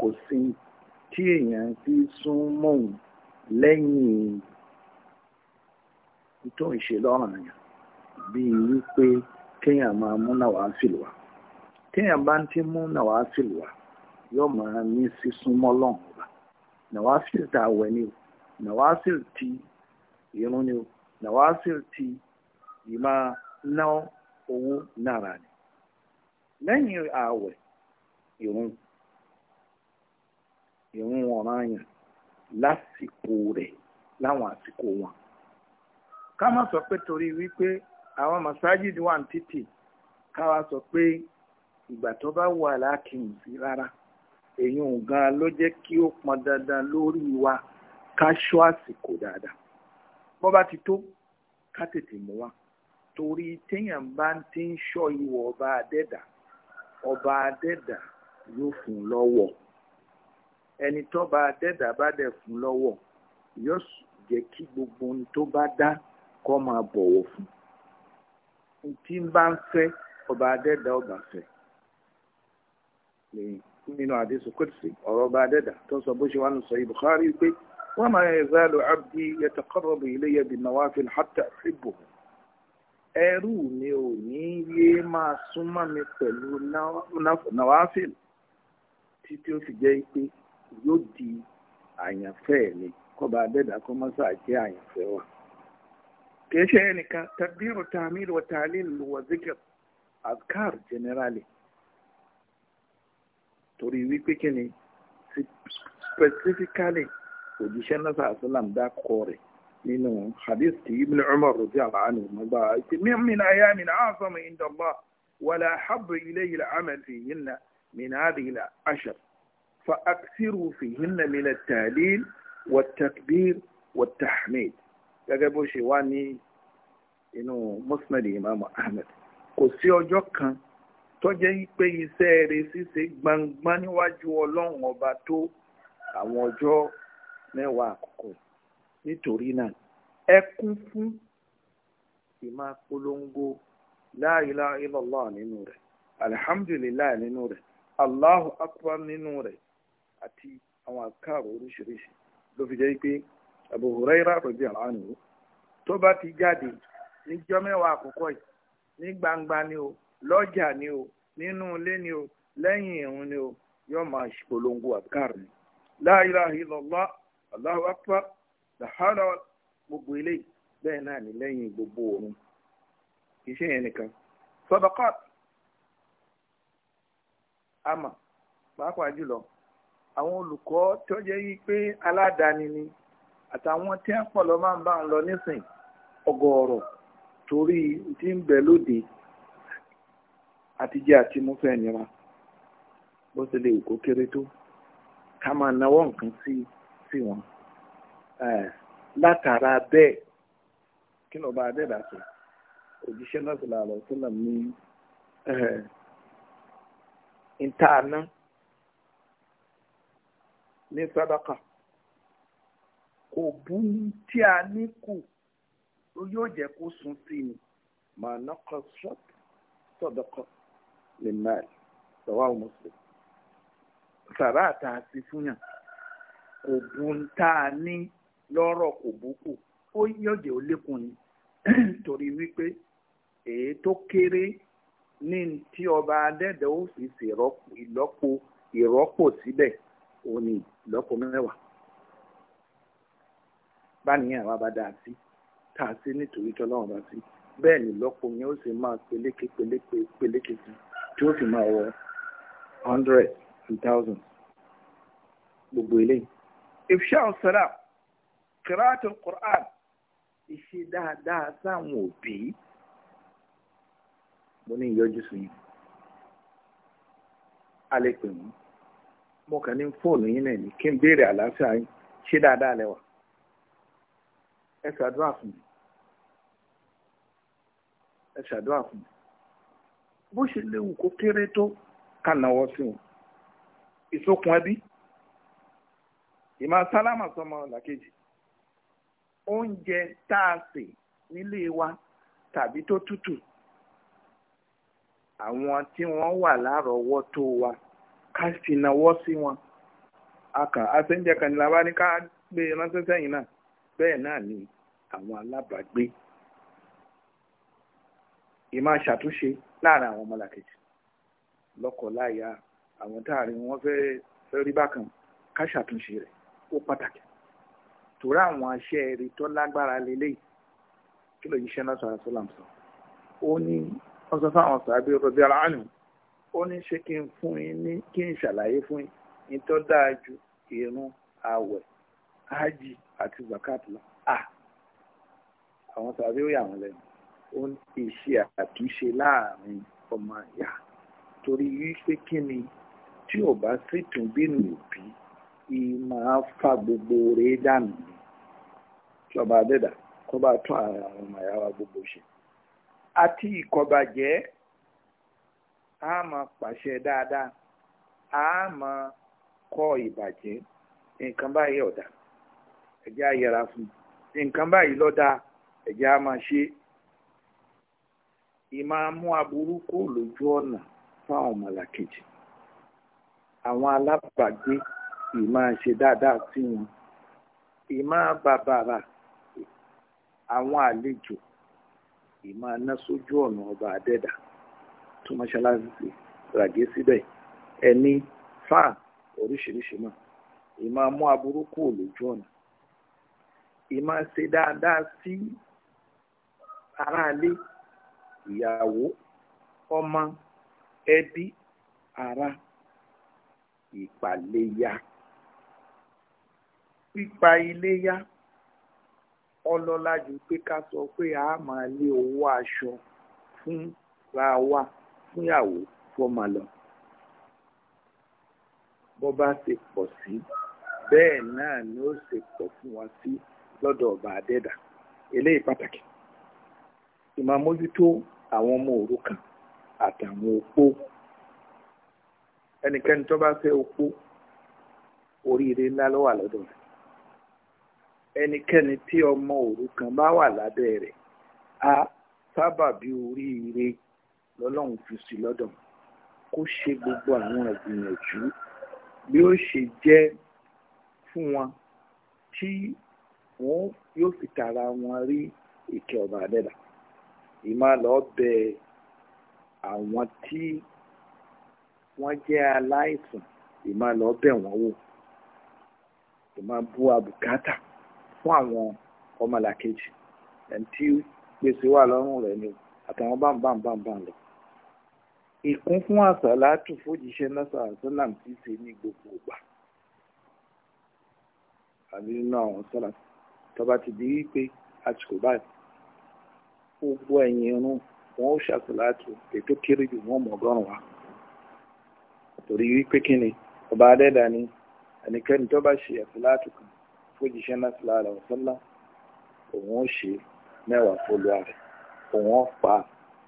kò sí tí èèyàn fi sún mọ́hùn lẹ́yìn tó ń ṣe lọ́rùn yẹn bíi wípé kéèyàn máa mú náà wàá fìlùwà téèyàn bá ń ti mú nàwáfíìlì wá yóò máa ní sísún mọ́lọ́n ọba nàwáfíìlì tá a wẹ̀ ní nawasil ti irun ni o nawasil ti ìmọ̀ ná owó náírà ni lẹ́yìn ààwẹ̀ irun irun ọ̀ràn yẹn lásìkò rẹ̀ láwọn àsìkò wọn ká má sọ pé torí wípé àwọn masajid wà ní títì ká wá sọ pé ìgbà tó bá wà láàkìyàn sí rárá èyí ò gan ló jẹ́ kí ó pọn dandan lórí wa ká ṣọ́ àsìkò dáadáa bó bá ti tó ká tètè mú wa torí téèyàn bá ti ń ṣọ́ ìwọ̀ ọba adẹ́dà ọba adẹ́dà yóò fún lọ́wọ́ ẹni tọ́ba adẹ́dà bá dẹ̀ fún lọ́wọ́ yóò jẹ́ kí gbogbo ohun tó bá dá kó máa bọ̀wọ̀ fún un tí ń bá ń fẹ́ ọba adẹ́dà ọba fẹ́ nínú àdéhùn kò sí ọ̀rọ̀ ọba adẹ́dà tó sọ bó ṣe wà nù sọ Bukhari pé. وما يزال عبدي يتقرب إلي بالنوافل حتى أحبه ẹrú mi ò ní yé máa súnmọ́ mi pẹ̀lú nawafil títí ó fi jẹ́ pé yóò di àyànfẹ́ mi kọba adẹ́dà kọ́ mọ́sá jẹ́ àyànfẹ́ wa. kì í ṣe ẹnìkan tadbiru ta'mil wa ta'lil wa zikr azkar generally torí wípé kí ni specifically òjíṣẹ́ náà sàásìlám dákọ rẹ̀ nínú hadith tí ibn umar radiyallahu anhu mọ́gbà àti mímìnà ayá mi náà àfọmọ inda Allah wàlá habbu ilayhi al-amal fihinna min hadhihi al-ashr فأكثروا فيهن من التهليل والتكبير والتحميد gẹ́gẹ́ bó ṣe wá ní inú musnad imam ahmed kò sí ọjọ́ kan tó jẹ́ pé iṣẹ́ rẹ̀ ṣíṣe gbangban níwájú ọlọ́run ọba tó àwọn ọjọ́ mẹ́wàá àkọ́kọ́ nítorí náà ẹ kún fún ìmá polongo la ilaha nínú rẹ̀ alihamdulilayi nínú rẹ̀ allahu akbar nínú rẹ̀ àti àwọn àkàrò oríṣiríṣi ló fi jẹ́ pé Abu Huraira radiyallahu tó bá ti jáde níjọ́ mẹ́wàá àkọ́kọ́ yìí ní gbangba ni o lọ́jà ni o nínú ilé ni o lẹ́yìn ni o yóò máa polongo ni Allahu akbar làhálà gbogbo eléyìí bẹ́ẹ̀ náà ní lẹ́yìn gbogbo òun iṣẹ́ yẹn nìkan sadaqat àmà pàápàá jùlọ àwọn olùkọ́ tó jẹ́ yí pé aládàáni ni àtàwọn tí wọ́n lọ máa ń bá lọ nísìn torí ń bẹ lóde àti nira bó sí wọn látara bẹ́ẹ̀ kí lọ́ba adẹ́dà sọ òjíṣẹ́ náà sọ̀rọ̀ àlọ́ sílẹ̀ ní ìtaànà ní sàdákà kò bú tí a ní kù yóò jẹ́ kó sun sí ni màá nọkọ ṣọ́ọ̀tì sọ̀dọ̀kọ̀ lè máa lọ́wọ́ àwọn mùsùlùmí sàrà àtàtì fún yàn. kò bùn tá a ní lọ́rọ̀ kò bùkù ó yọ̀jẹ̀ ó lékun torí wípé èyí tó kéré ní tí ọba adẹ́dẹ́ ó fi ṣe ìlọ́po ìrọ́pò síbẹ̀ òní ìlọ́po mẹ́wàá bá dáa sí tá a sí nítorí bá sí bẹ́ẹ̀ ni ìlọ́po yẹn ó sì máa peléke peléke peléke sí tí ó sì gbogbo eléyìí. ifṣà salam kìrààtì quran ìṣe dáadáa sáwọn òbí mo ní ìyọjú sí yín alẹ́ pè mo kàn ní fóònù yín náà ní kí n béèrè àlàáfíà yín ṣé dáadáa lẹ́wà ẹ ṣàdúrà fún mi ẹ ṣàdúrà fún mi bó ṣe léwu kó kéré tó kà náwó sí wọn ẹbí. ìmọ̀ sálámà sọmọ làkejì oúnjẹ tá a sè nílé wa tàbí tó tútù àwọn tí wọ́n wà lárọ̀ọ́wọ́tó wa ká sì náwó sí wọn akàn àṣẹ́ńjẹ kan nílá bá ní ká gbé ránṣẹ́ sẹ́yìn náà bẹ́ẹ̀ náà ni àwọn alábàágbé ìmọ̀ ṣàtúnṣe láàrin àwọn ọmọlàkejì lọ́kọ̀ọ́láyà àwọn táàrin wọn fẹ́ rí bákan ká ṣàtúnṣe rẹ̀ ó pàtàkì torí àwọn aṣẹ ẹ̀rí tó lágbára lélẹ̀ kí ló yíṣẹ́ náà sọ̀rọ̀ sọ́lá sọ ó ní wọ́n sọ fáwọn sàbí rọ̀bí ara ànú ó ní ṣé kí n fún yín ní kí n ṣàlàyé fún yín ní tó dáa ju ìrun àwẹ̀ ájì àti zakat lọ àwọn sàbí ó yà wọ́n lẹ́nu ó ń ṣe àtúnṣe láàrin ọmọ ìyá torí wípé kí ni tí ò bá sì tún bínú òbí máa fa gbogbo rẹ̀ dànù ìjọba adẹ́dà kó bá tún àwọn ọmọ ìyá wa gbogbo ṣe àti a máa pàṣẹ dáadáa a máa kọ́ ìbàjẹ́ nǹkan báyìí ọ̀dà ẹ̀jẹ̀ á yẹra fún nǹkan báyìí lọ́dà ẹ̀jẹ̀ á máa ṣe aburú kò lójú ọ̀nà fáwọn ọmọlàkejì àwọn ìmáa ṣe dáadáa sí wọn ìmáa bàbàrà àwọn àlejò ìmáa ná sójú ọ̀nà ọba àdẹ́dà tó mọ́ṣáláṣí ràgé síbẹ̀ ẹni fáà oríṣiríṣi náà ìmáa mú aburú kúrò lójú ọ̀nà ìmáa ṣe dáadáa sí aráalé ìyàwó ọmọ ẹbí ara ìpàlẹ́yà pípa iléyá ọlọ́lá jù pé ká sọ pé a máa lé owó aṣọ fún ra wa fúnyàwó fọmọ lọ bó bá ṣe pọ̀ sí bẹ́ẹ̀ náà ni ó ṣe pọ̀ fún wa sí lọ́dọ̀ ọba àdẹ́dà eléyìí pàtàkì ìmàmójútó àwọn ọmọ òrukàn àtàwọn opó ẹnikẹ́ni tó bá fẹ́ opó oríire ńlá ló wà rẹ̀ ẹnikẹ́ni tí ọmọ òrukàn bá wà lábẹ́ rẹ̀ a sábàbí oríire lọ́lọ́run fi sí lọ́dọ̀ kó ṣe gbogbo àwọn ìgbìyànjú bí ó ṣe jẹ́ fún wọn tí wọn yóò fi tara wọn rí ìkẹ́ ọba àdẹ́dà ìmá lọ bẹ àwọn tí wọ́n jẹ́ aláìsàn ìmá lọ bẹ̀ wọ́n wò ìmá bú àbùkátà fún àwọn ọmọlàkejì ẹni tí gbèsè wà lọ́rùn rẹ̀ ni àtàwọn bámbámbámbám lọ. ìkún fún àsàlátù fòjíṣẹ́ násà sọ́làm ti ṣe ní gbogbo ìgbà àbí nínú àwọn sọ́làm tọba ti di wípé àsìkò báyìí gbogbo ẹ̀yìn irun wọn ó ṣàsàlátù ètò kéré jù wọn mọ̀ wa torí wípé kí ni ọba adẹ́dà ni ẹnikẹ́ni tó bá ṣe àsàlátù kan fójíṣẹ́ náà sí lára ọ̀sánlá òun ó ṣe mẹ́wàá fọlọ́ rẹ̀ òun ó pa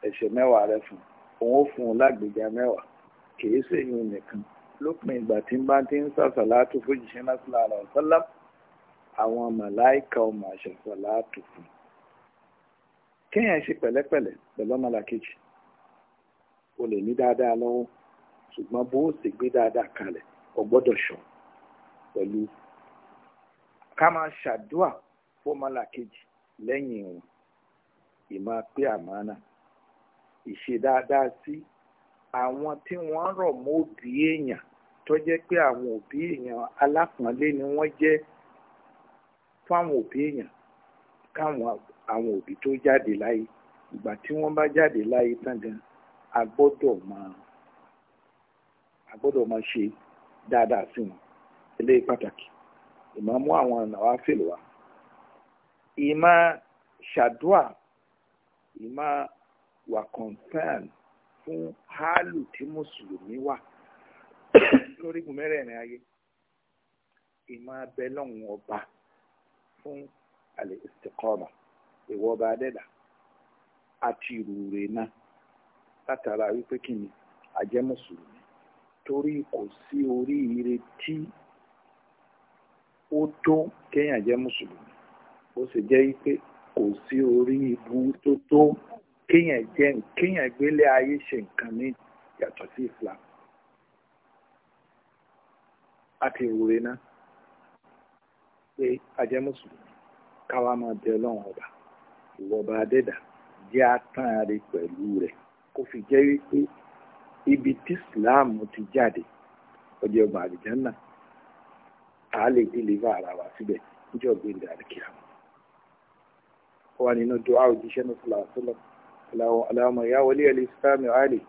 ẹ̀ṣẹ̀ mẹ́wàá rẹ̀ fún òun ó fún un lágbèjà mẹ́wàá kìí ṣèyún nìkan lópin ìgbà tí n bá ti ń sàṣà láàtò fójíṣẹ́ náà sí lára ọ̀sánlá àwọn màláìka ọmọ àṣàṣà láàtò fún kéèyàn ṣe pẹ̀lẹ́pẹ̀lẹ́ pẹ̀lú ọmọlàkejì o lè ní dáadáa lọ́wọ́ ṣùgbọ́n bó ṣe gbé dáadáa kalẹ̀ o gbọ́dọ̀ pẹ̀lú ká máa ṣàdúà fọ́mọ́là kejì lẹ́yìn wọn ìmọ̀ pé àmánà ìṣe dáadáa sí àwọn tí wọ́n rọ̀ mọ́ òbí èèyàn tó jẹ́ pé àwọn òbí èèyàn alápọ̀nlé ni wọ́n jẹ́ fáwọn òbí èèyàn káwọn àwọn òbí tó jáde láyé ìgbà tí wọ́n bá jáde láyé tán gan a máa a máa ṣe dáadáa sí wọn eléyìí pàtàkì ìmọ̀ mú àwọn ànáwá fèlè wa ìmọ̀ ṣàdúà ìmọ̀ wà concern fún hálù tí mùsùlùmí wà lórí gùnmẹ́rẹ̀ẹ̀rin ayé ìmọ̀ abẹ́lọ́hún ọba fún àlè ìsìkọ́mà ìwọ ọba adẹ́dà àti ìrùrè náà látara wípé kí ni àjẹ́ mùsùlùmí torí kò sí oríire tí ó tó kéèyàn jẹ́ mùsùlùmí ó sì jẹ́ pé kò sí orí ibu tó tó kéèyàn jẹ́ kéèyàn gbélé ayé ṣe nǹkan ní yàtọ̀ sí Islam àti ìwúre náà pé ajẹ́ mùsùlùmí káwa máa bẹ lọ́wọ́n ọba ìwọba adẹ́dà jẹ́ atán pẹ̀lú rẹ̀ kó fi jẹ́ wípé ibi tí Islam ti jáde ọjọ́ ọgbà àdìjẹ́ náà. a lè deliver ara wa síbẹ̀ níjọ́ gbẹ̀ndẹ̀ àríkìá wà nínú dùá òjíṣẹ́ ní fúlàfúlà aláwọ̀ ya wọlé ẹ̀lẹ́ islam alì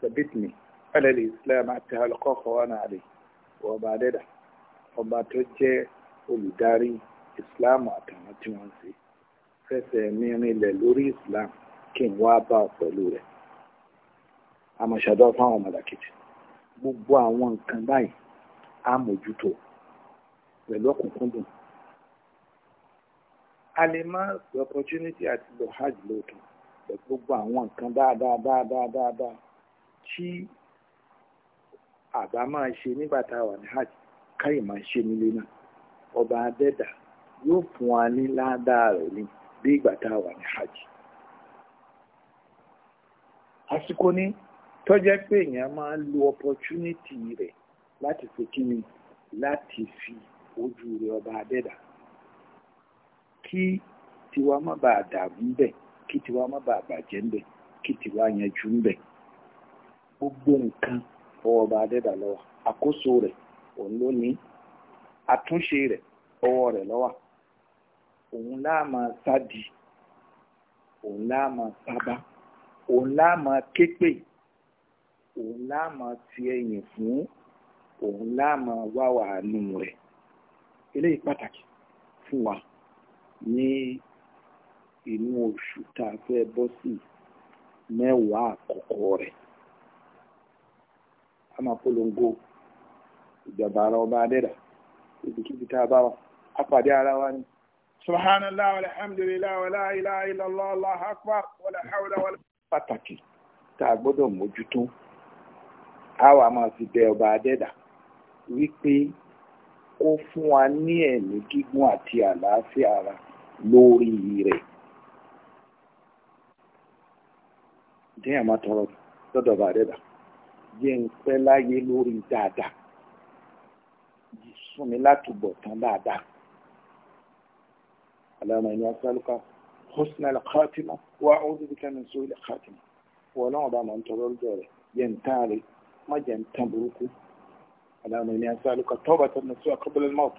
sabitni alẹ́lẹ́ islam àti alkọ́kọ́ wà náà alẹ́ ọba adẹ́dà ọba tó jẹ́ olùdarí islam àtàwọn tí wọ́n ń fẹsẹ̀ mi lórí islam kí n wá bá pẹ̀lú rẹ̀ àmọ̀ṣàdọ́ fáwọn mọ̀lákejì gbogbo àwọn nǹkan báyìí á mójútó pẹ̀lú ọ̀kúnkúndùn a lè má the opportunity àti lọ hajj lóòótọ́ pẹ̀lú gbogbo àwọn nǹkan dáadáa dáadáa dáadáa tí àbá máa ṣe nígbà tá a wà ní hajj káyì máa ṣe nílé náà ọba adẹ́dà yóò fún wa ní ládàá rẹ̀ ní bí ìgbà tá a wà ní hajj àsìkò ní tọ́jẹ́ pé èèyàn máa lo opportunity rẹ̀ láti fi kí ni láti fi ju rẹ ọba adẹ́dà kí tiwa má bàa dààmú ń kí tiwa má bàa bàjẹ́ bẹ̀ kí tiwa yanjú ń gbogbo nǹkan ọwọ́ ọba adẹ́dà lọ́wọ́ àkóso rẹ̀ òun ló ní àtúnṣe rẹ̀ ọwọ́ rẹ̀ lọ́wọ́ òun láà máa sádi òun láà máa sábà òun láà máa képè òun láà máa ti òun láà máa wá rẹ. eléyìí pàtàkì fún wa ní inú oṣù tá a fẹ́ bọ́ sí mẹ́wàá àkọ́kọ́ rẹ̀ a máa polongo ìjọba ara ọba adẹ́dà ibikíbi tá a bá wa a pàdé ara wa ni. subhanallah alhamdulillah wàlá ilaha illallah allah akbar wàlá hawla wàlá. pàtàkì tá a gbọ́dọ̀ mójútó a wà máa fi bẹ ọba adẹ́dà wípé. kó fún wa ní ẹ̀mí gígùn àti àlàáfíà ara lórí rẹ̀. jẹ́ àmà tọrọ lọ́dọ̀ bá jẹ́ ń pẹ́ láyé lórí dáadáa jì sún mi látúbọ̀ tán dáadáa. اللهم إني أسألك حسن الخاتمة وأعوذ بك من سوء الخاتمة ولو ضمنت الجوع ينتهي ما جنتبرك اللهم إني أسألك توبة النسوء قبل الموت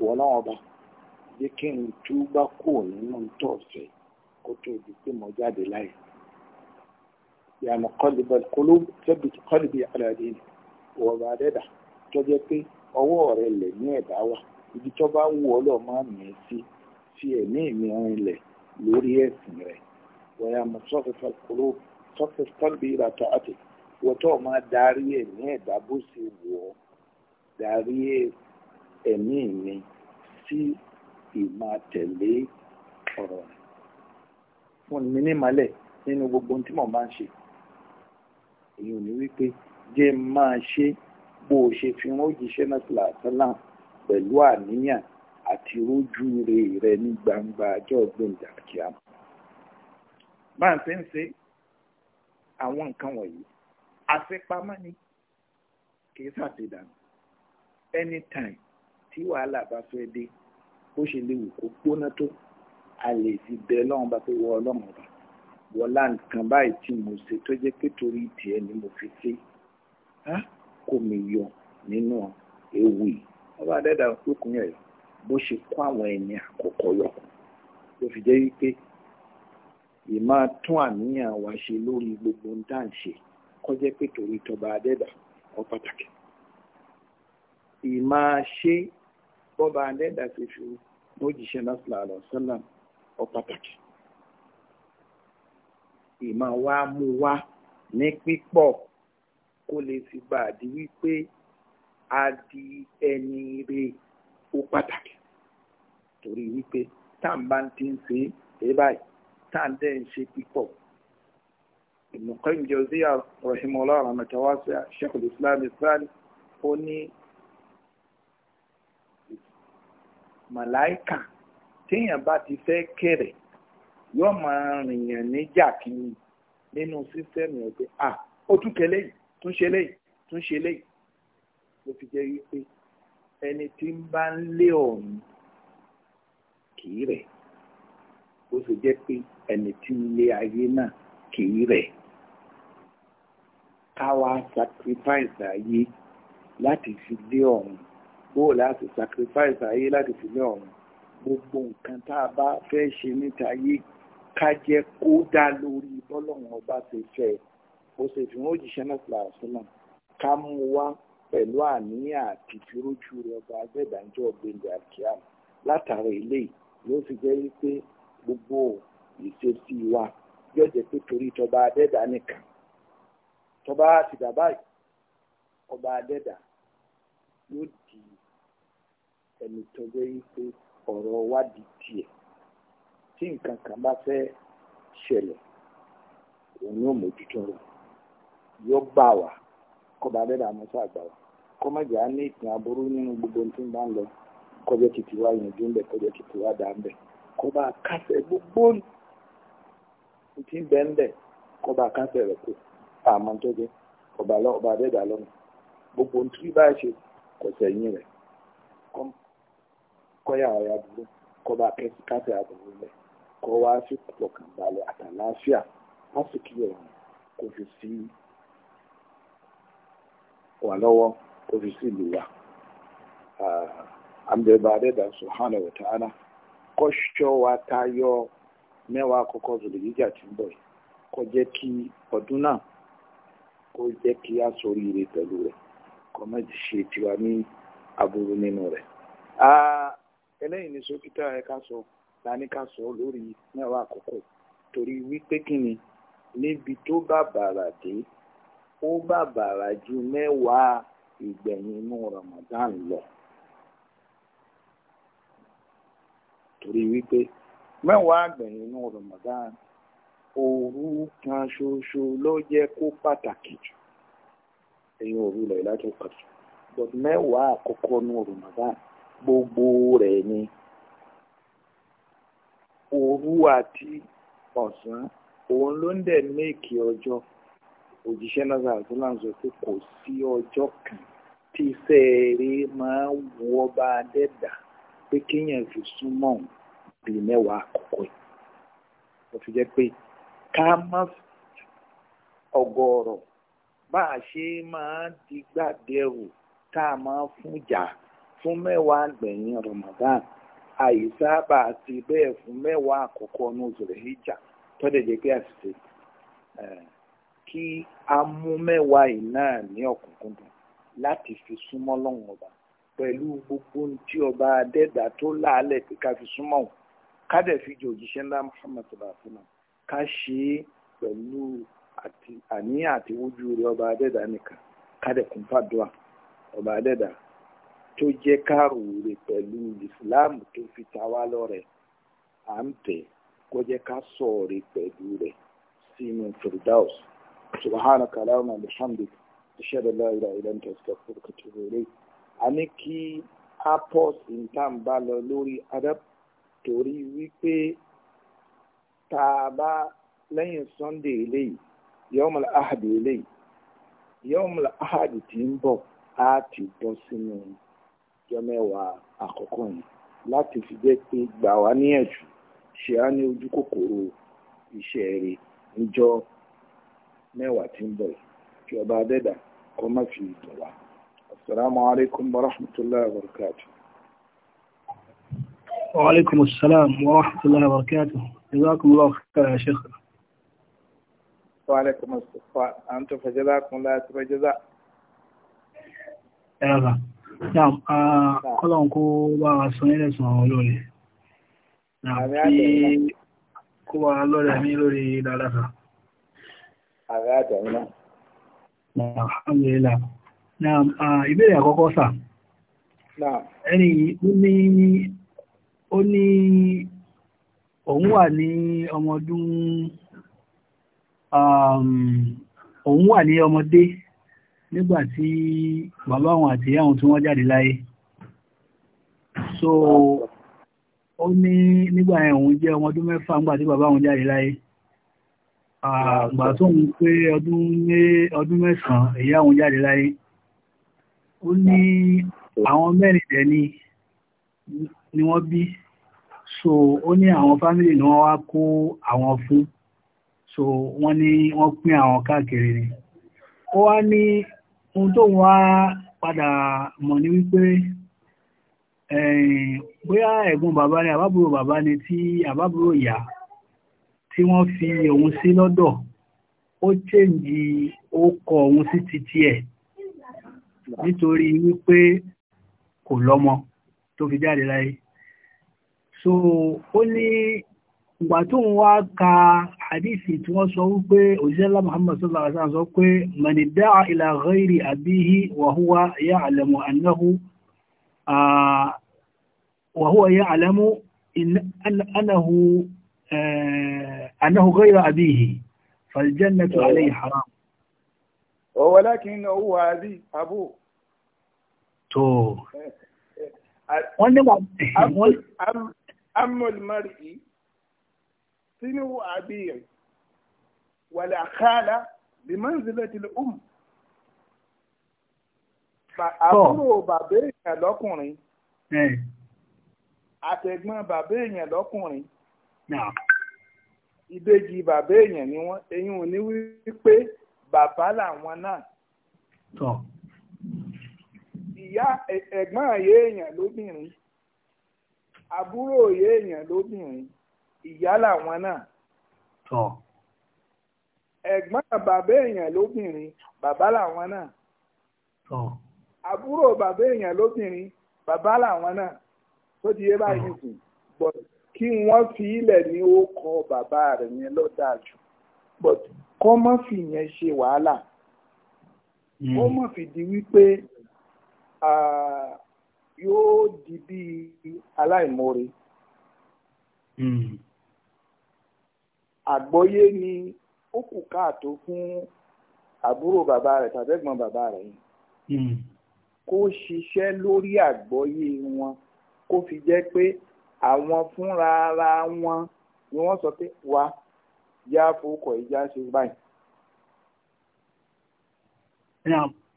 ولا ọba jẹ́ kí n túbá kú nínú tó ọ̀fẹ́ kó tó di pé mo jáde láyé يا مقلب القلوب ثبت قلبي على دينك ọba dẹ́dà tó jẹ́ pé ọwọ́ rẹ̀ lẹ̀ ní ẹ̀dá wa ibi tó bá wù ọ́ lọ́ọ́ máa mìíràn sí fi ẹ̀mí mi rinlẹ̀ lórí ẹ̀sìn rẹ̀ wọ́yà mọ̀sọ́fẹ́fẹ́ kúrò sọ́fẹ́fẹ́ tọ́lbí ìlà tó àtẹ̀ wọ́tọ́ máa darí ẹ̀mí ẹ̀dá bó ṣe wù ọ́ darí ẹ̀mí mi sí ìmọ̀ tẹ̀lé ọ̀rọ̀ rẹ̀ fún mi ní ìmọ̀lẹ̀ nínú gbogbo ohun tí mò ń bá ń ṣe èyí ò ní wípé jẹ́ máa ṣe bó o ṣe fi wọ́n jíṣẹ́ náà tìlàtọ́là pẹ̀lú àníyàn àti rójú rè ní gbangba ọjọ́ gbẹ̀ǹdà kíá. bá ń ṣe ń ṣe àwọn nǹkan wọ̀nyí àṣepamọ́ ni kì í ṣàṣedànù anytime tí wàhálà bá fẹ́ dé bó ṣe lè wù kó gbóná tó a lè fi bẹ lọ́run bá pé wọ ọlọ́run ọba wọlá nǹkan báyìí tí mo ṣe tó jẹ́ pé torí tiẹ̀ ni mo fi ṣe kò mí yọ nínú ewu yìí ọba adẹ́dà lókun yẹ̀ bó ṣe kó àwọn ẹni àkọ́kọ́ yọ ló fi jẹ́ wípé ìmá tún àníyàn wa ṣe lórí gbogbo ń dá ń pé torí tọba adẹ́dà ó pàtàkì ìmáa ṣe bọ́ba adẹ́dà ti fi mójíṣẹ́ lọ́sọ̀lá àlọ́sọ́lá ọ pàtàkì ìmáa wá mú wá ní pípọ̀ kó lè fi gbà di wípé a di ẹni rè ó pàtàkì torí wípé tá n bá ti ń ṣe é báyìí tá n dẹ́ ń ṣe pípọ̀ Ibn Qayyim Jawziyya rahimahullah rahmatawasiya Sheikhul Islam Sani ó ní. màláìkà téèyàn bá ti fẹ́ kẹ̀rẹ̀ yóò máa rìnyàn níjà kìíní nínú sísẹ́mù ẹgbẹ́ à ó tún kẹ lẹ́yìn tún ṣe lẹ́yìn tún ṣe lẹ́yìn ló fi jẹ́ wípé ẹni tí ń bá ń lé ọ̀hún kì í rẹ̀ ó sì jẹ́ pé ẹni tí ń lé ayé náà kì í rẹ̀ ká wá sacrifice ayé láti fi lé ọ̀hún bóò láti sacrifice ayé láti fi ní ọ̀run gbogbo nǹkan tá a bá fẹ́ ṣe níta ayé ká jẹ́ kó dá lórí bọ́lọ́run ọba ti fẹ́ ó sì fi wọ́n jíṣẹ́ náà sílá sílá ká mú wá pẹ̀lú àníyàn àti ìfirójú rẹ ọba agbẹ́dàjọ́ ọ̀gbẹ́ndẹ̀ àkíyà látara eléyìí ló fi jẹ́ wípé gbogbo ìṣesí wa yóò jẹ́ pé torí tọba adẹ́dà nìkan tọba ti dàbáyìí ọba adẹ́dà yóò dì í ẹni tó jẹ́ wípé di tí nǹkan kan bá fẹ ṣẹlẹ òun yóò mójútó yóò kọba dẹ́dà mọ́tò àgbà wa kọ́ má jà á ní ìpín aburú nínú gbogbo tí ń bá lọ kọjọ́ kìtì wá ń kọba gbogbo tí ń bẹ ń kọba rẹ tó ọba gbogbo tí bá ṣe yín kọ́yà ya dúró kọ́ bá kásẹ̀ àbúrò lẹ̀ kọ́ wá sí pọ̀kànbalẹ̀ àtàláfíà lásìkò ìrọ̀rùn kò fi sí wà lọ́wọ́ kò fi sí ìlú wa. Ah, àmì àdẹ́dà subhanahu wa ta'ala kọ́ṣọ́ wa tayọ mẹ́wàá àkọ́kọ́ zòlìjíjà tí ń bọ̀ yìí kó jẹ́ kí ọdún náà kó jẹ́ kí a sórí ire pẹ̀lú rẹ̀ kó má ṣe tiwa ní aburú nínú rẹ̀. Ah, eléyìí ní sókítà ẹ̀ka sọ lání ká sọ lórí mẹ́wàá àkókò torí wípé kí ni níbi tó bá bàrà dé ó bá bàrà ju mẹ́wàá ìgbẹ̀yìn inú Ramadan lọ. torí wípé mẹ́wàá àgbẹ̀yìn inú Ramadan òru kan ṣoṣo ló jẹ́ kó pàtàkì jù èyí òru lẹ̀ láti pàtàkì but mẹ́wàá àkọ́kọ́ inú Ramadan gbogbo rẹ̀ ni òru àti ọ̀sán òun ló ń dẹ̀ méèkì ọjọ́ òjíṣẹ́ náà tó náà sọ pé kò sí ọjọ́ kan tí iṣẹ́ eré máa ń wọ ọba adẹ́dà pé kéèyàn fi súnmọ́ òun bíi mẹ́wàá àkọ́kọ́ ẹ̀ ó fi jẹ́ pé ká má ọgọ́rọ̀ bá a ṣe máa digbá dẹrù tá a máa fún jà fún mẹ́wàá gbẹ̀yìn Ramadan àìsáàbà àti bẹ́ẹ̀ fún mẹ́wàá àkọ́kọ́ ní oṣù rẹ̀ ìjà tọ́lẹ̀ jẹ́ pé àṣìṣe kí a mú mẹ́wàá yìí náà ní ọ̀kúnkúndùn láti fi súnmọ́ lọ́wọ́n ọba pẹ̀lú gbogbo tí ọba adẹ́dà tó láàlẹ̀ pé ká fi súnmọ́ òun ká dẹ̀ fi jò òjíṣẹ́ ńlá Muhammadu bàtúnà ká ṣe é pẹ̀lú àníyàn àti wójú rẹ̀ ọba adẹ́dà nìkan ká dẹ̀ kún fàdúrà ọba adẹ́dà tó jẹ́ kárùúrè pẹ̀lú ìsìláàmù tó fi ta wá lọ́rẹ̀ à ń tẹ̀ kó jẹ́ ká sọ̀rẹ̀ pẹ̀lú rẹ̀ sínú firdaus subhanaka allahumma bihamdik ashhadu an la ilaha illa anta astaghfiruka wa atubu ilayk a ní kí apos nǹkan bá lọ lórí adab torí wípé tá a bá lẹ́yìn sunday eléyìí yọ́mọ̀ ahadi eléyìí yọ́mọ̀ ahadi tí ń bọ̀ á ti bọ́ sínú ọjọ́ mẹ́wàá àkọ́kọ́ yẹn láti fi jẹ́ pé gbà wá níyànjú ṣe á ní ojú kòkòrò iṣẹ́ rẹ̀ níjọ́ mẹ́wàá tí ń bọ̀ kí ọba adẹ́dà kọ́ má fi dùn wá. asalaamu alaykum wa rahmatulahi wa barakatu. wa alaykum asalaam wa rahmatulahi wa barakatu. jazakum allah khairan sheikh. wa alaykum asalaam anta fa jazakum allah khairan jaza. Kọ́lọ̀n kó wá wa sọ nílẹ̀ sọ àwọn olóòrè. Kó wá lọ́rẹ̀ mí lórí dáadáa. Ààrẹ àtẹ̀mí náà. Alhamdulillah. Ìbéèrè àkọ́kọ́ sà. Ẹni ó ní òun wà ní ọmọdún um, òun wà ní ọmọdé nígbà tí bàbá àwọn àti ìyá àwọn tí wọ́n jáde láyé so ó ní nígbà ẹ̀hùn jẹ́ ọmọ ọdún mẹ́fà nígbà tí bàbá àwọn jáde láyé àgbà tó ń pé ọdún mẹ́sàn-án ìyá àwọn jáde láyé ó ní àwọn mẹ́rin tẹ̀ ni ni wọ́n bí so ó ní àwọn fámílì ni wọ́n wá kó àwọn fún so wọ́n ní wọ́n pín àwọn káàkiri ni ó wá ní ohun tó wá padà mọ̀ ní wípé eh, bóyá ẹ̀gbọ́n bàbá ni àbábúrò bàbá ni tí àbábúrò ìyá tí wọ́n fi òun sí lọ́dọ̀ ó chèǹjì ó kọ òun sí titi ẹ̀ nítorí wípé kò lọ́mọ tó fi jáde láyé so ó ní ìgbà tó ń wá ka hadisi tí wọ́n sọ wípé òṣìṣẹ́lá muhammad sallallahu alaihi wasallam sọ pé mani da'a ila ghairi abihi wa huwa ya'lamu annahu wa huwa ya'lamu annahu annahu ghairu abihi fal jannatu alayhi haram ولكنه هو أبي أبوه تو أم أم المرء sínú àbíyàn wàlẹ̀ àkàlà bí manzilatil um. àbúrò bàbá èèyàn lọ́kùnrin àtẹ̀gbọ́n bàbá èèyàn lọ́kùnrin ìbejì bàbá èèyàn ni wọ́n eyín ò ní wípé bàbá làwọn náà ìyá ẹ̀gbọ́n àyè èèyàn lóbìnrin àbúrò òye èèyàn lóbìnrin ìyá làwọn náà. ẹ̀gbọ́n bàbá èèyàn lóbìnrin bàbá làwọn náà. àbúrò bàbá èèyàn lóbìnrin bàbá làwọn náà tó di yé báyìí sùn but kí wọ́n fi ilẹ̀ ní ó bàbá rẹ̀ yẹn ló dáa jù kọ́ mọ́ fi yẹn ṣe wàhálà ó mọ̀ fìdí wípé yóò di bí aláìmoore. Hmm. àgbọ́yé ni ó kù káàtó fún àbúrò bàbá rẹ̀ tàbí ẹ̀gbọ́n bàbá rẹ̀ yìí hmm. kó ṣiṣẹ́ lórí àgbọ́yé wọn kó fi jẹ́ pé àwọn fúnra ara wọn ni wọ́n sọ pé wá yá fowókọ̀ ìjà ṣe báyìí.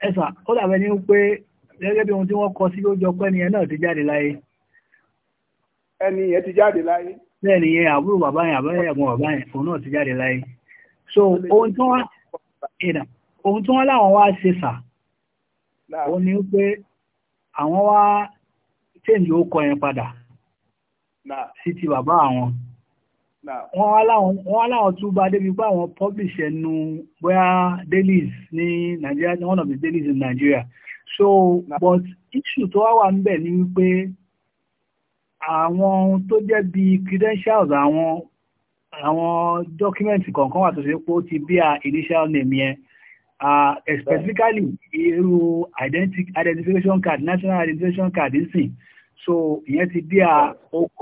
ẹ̀sà ó dàbẹ̀ ní pé gẹ́gẹ́ bí ohun tí wọ́n kọ sí ó jọ pé ẹni yẹn náà ti jáde láyé. ẹni yẹn ti jáde láyé bẹ́ẹ̀ yẹn àbúrò bàbá yẹn àbẹ́rẹ́ ẹ̀gbọ́n bàbá yẹn òun náà ti jáde láyé so ohun tí wọ́n ìdà ohun tí wọ́n láwọn wá ṣe sà ó ní pé àwọn wá change orúkọ yẹn padà sí ti bàbá àwọn wọ́n wá láwọn tún bá débi pé àwọn publish ẹnu bóyá dailies ní Nigeria one of the dailies in Nigeria so but issue tó wá wà ń bẹ̀ ni wípé àwọn ohun tó jẹ́ bí credentials àwọn àwọn document kọ̀ọ̀kan wà tó ṣe pé ó ti bí a initial name yẹn uh, specifically irú identification card national identification card ń sìn so ìyẹn ti bí a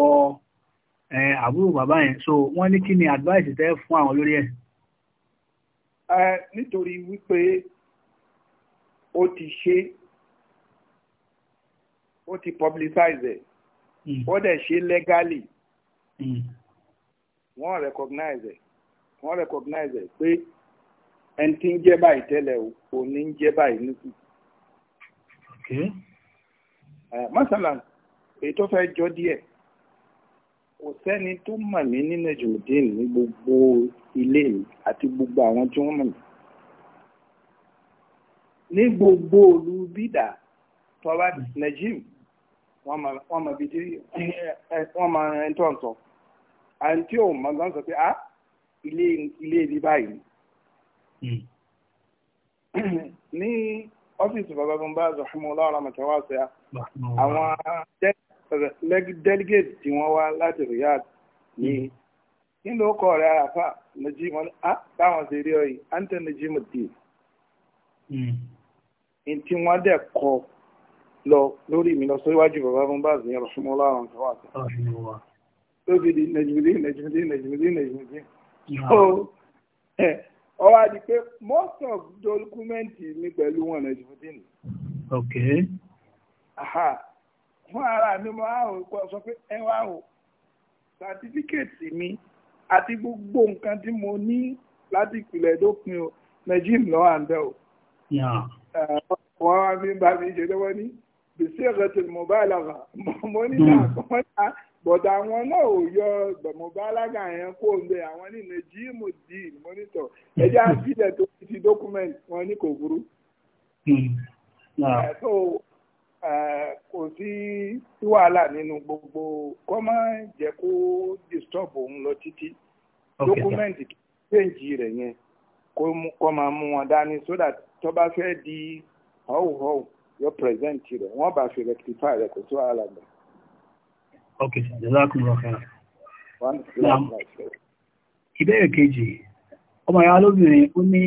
ó àbúrò bàbá yẹn so wọ́n ní kí ni advice tẹ́ fún àwọn lórí ẹ̀. nítorí wípé ó ti ṣe ó ti publicize ẹ̀ Hmm. wọ́n dẹ̀ ṣe legally hmm. wọ́n recognize ẹ̀ wọ́n recognize ẹ̀ pé ẹni tí ń jẹ́ báyìí tẹ́lẹ̀ ò ní ń jẹ́ báyìí nísìn. masala èyí tó fẹ́ jọ díẹ̀ kò sẹ́ni tó mọ̀ mí ní Najmudeen ní gbogbo ilé mi àti gbogbo àwọn tí wọ́n mọ̀ mí. ní gbogbo olú bídà tọ́wá hmm. Najim wọ́n mọ̀ bí tí wọ́n mọ̀ ẹni tó ń sọ àyìn tí òun mọ̀ gan sọ pé a ah, ilé ilé ibi báyìí hmm. ní ọ́fíìsì bàbá tó ń bá zọ̀húnmọ́ ọlọ́run àmọ̀tẹ́wà ṣe àwọn delegate tí wọ́n wá láti Riyadh ní hmm. kí ló kọ́ ọ̀rẹ́ àràfà nàìjíríà ah táwọn ṣe rí ọ yìí àǹtẹ̀ nàìjíríà dì í tí wọ́n dẹ̀ kọ́ lọ lórí mi lọ síwájú bàbá fún báàzì yẹn lọ́sùnmọ́ láwọn kan wà tó. tó fi di nàìjíríì nàìjíríì nàìjíríì nàìjíríì. ó wá di pé most of dọ́kúmẹ́ǹtì mi pẹ̀lú wọn nàìjíríì ni. ok. fún ara mi mo àwọn kọ sọ pé ẹ wá o sàtífíkẹ́ẹ̀tì mi àti gbogbo nǹkan tí mo ní láti ìpìlẹ̀ dópin o nàìjíríì lọ́wọ́ à ń bẹ̀ o. wọ́n wá fi ń bá mi ṣe lọ́wọ́ ní bisiqatil mubalagha mo ní àkọ́ńtà hmm. bọ̀dà àwọn náà ò yọ mubalagha yẹn kó ń bẹ àwọn ní nàìjírímù dín mọ́nítọ̀ ẹjẹ́ àbílẹ̀ tó ti dọ́kúmẹ̀ntì wọn ní kò burú. Hmm. Eh, so eh, kò sí wàhálà nínú gbogbo kọ́ máa jẹ́ kó disturb òun lọ títí dọ́kúmẹ̀ntì tó péǹjì rẹ̀ yẹn kó máa mú wọn dání so that tó bá fẹ́ di họ́wùhọ́wù yóò present rẹ̀ wọ́n bá fi rectify rẹ̀ kò tó wàhálà gbà. ok jazakumullah khairan. ìbéèrè kejì ọmọ ìyá lóbìnrin ó ní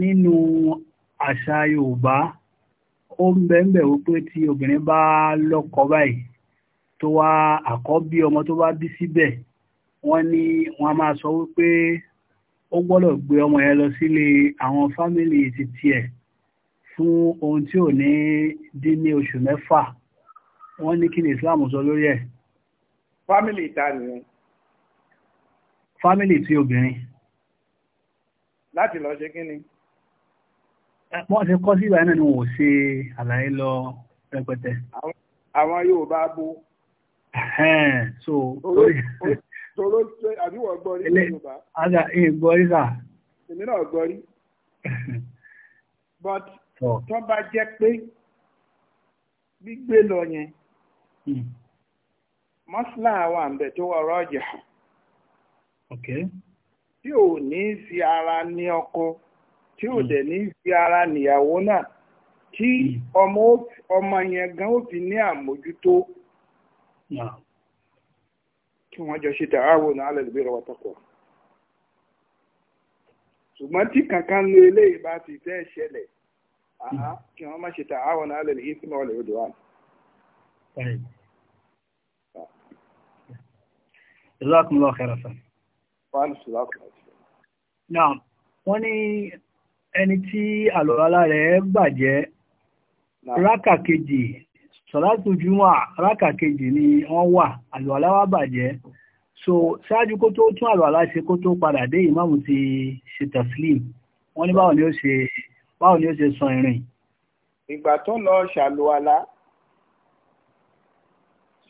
nínú àṣà Yorùbá ó ń bẹ́ẹ̀ wípé tí obìnrin bá lọ́kọ báyìí tó wá àkọ́bí ọmọ tó bá bí síbẹ̀ wọ́n ní wọ́n a máa sọ wípé ó gbọ́dọ̀ gbé ọmọ yẹn lọ sílé àwọn fámìlì ti tiẹ̀ fún ohun tí ò ní dín ní oṣù mẹ́fà wọ́n ní kí ni Islam sọ lórí ẹ̀. fámìlì ìta nìyẹn. fámìlì tí obìnrin. láti lọ ṣe kí ni. wọ́n ti kọ́ sí ìgbà náà ni wọ́n ṣe àlàyé lọ rẹpẹtẹ. àwọn Yorùbá bó. so. tòró àbí wọ́n gbọ́ rí Yorùbá. àgbà ìgbọ́ rí sà. èmi náà gbọ́ but tó bá jẹ́ pé gbígbé lọ yẹn hmm. mọ́sílá wà ń bẹ̀ tó wà rọ́ọ̀jà tí ò ní fi ara ní ọkọ tí ò hmm. dẹ̀ ní fi ara níyàwó náà tí hmm. ọmọ yẹn gan ó fi ní àmójútó kí wọ́n jọ ṣe tààwò náà alẹ́ ṣùgbọ́n tí kankan eléyìí Hmm. kí wọ́n má ṣe ta'awanu 'ala al-ithmi wal-'udwan. Ah. Jazakumullahu khairan sir. Now, wọ́n ní ẹni tí àlùwàlá rẹ̀ bàjẹ́ rákà kejì sọ̀látù júmọ́ rákà kejì ni wọ́n wà àlùwàlá wa bàjẹ́ so ṣáájú kó tó tún àlùwàlá ṣe kó tó padà dé ìmáàmù ti ṣe tẹ̀sílìm wọ́n ní báwọn ni ó ṣe báwo ni ó ṣe sọ ìrìn. ìgbà tó lọ ṣàlùwàlá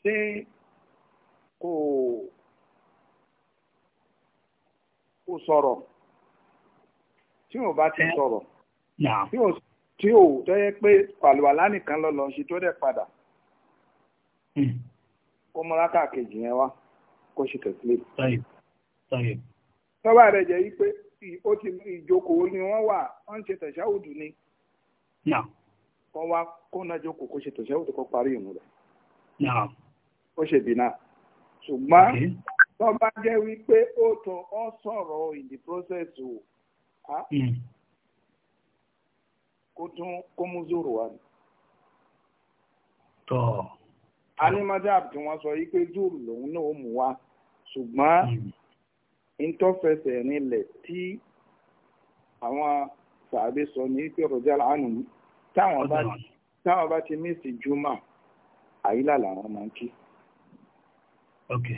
ṣé kò kò sọ̀rọ̀ tí ò bá ti sọ̀rọ̀ tí ò tó yẹ pé pàlùwàlá nìkan lọ lọ ṣe tó dẹ̀ padà hm. ó múra káàkiri yẹn wá kó ṣe tẹ̀sílẹ̀. tọ́wọ́ rẹ̀ jẹ́ yí pé ó ti ìjókòó ni wọn wà wọ́n ń ṣe tẹ̀síáwùdù ni. wọ́n wá kó náà jókòó kó ṣe tẹ̀síáwùdù kó parí ìmú rẹ̀. ó ṣe bìnnà ṣùgbọ́n tó bá jẹ́ wípé ó tọ ọ sọ̀rọ̀ in the process o hmm. kó tún kó mú zòrò wa ni. a tí wọ́n sọ yìí pé zòrò lòun náà ó mú wa ṣùgbọ́n. Hmm. ntọ́fẹsẹ̀ nílẹ̀ tí àwọn sàbẹ̀ sọ ní pé rọjá lánà táwọn bá ti mí sí júmọ̀ àyílà làwọn máa ń kí. ok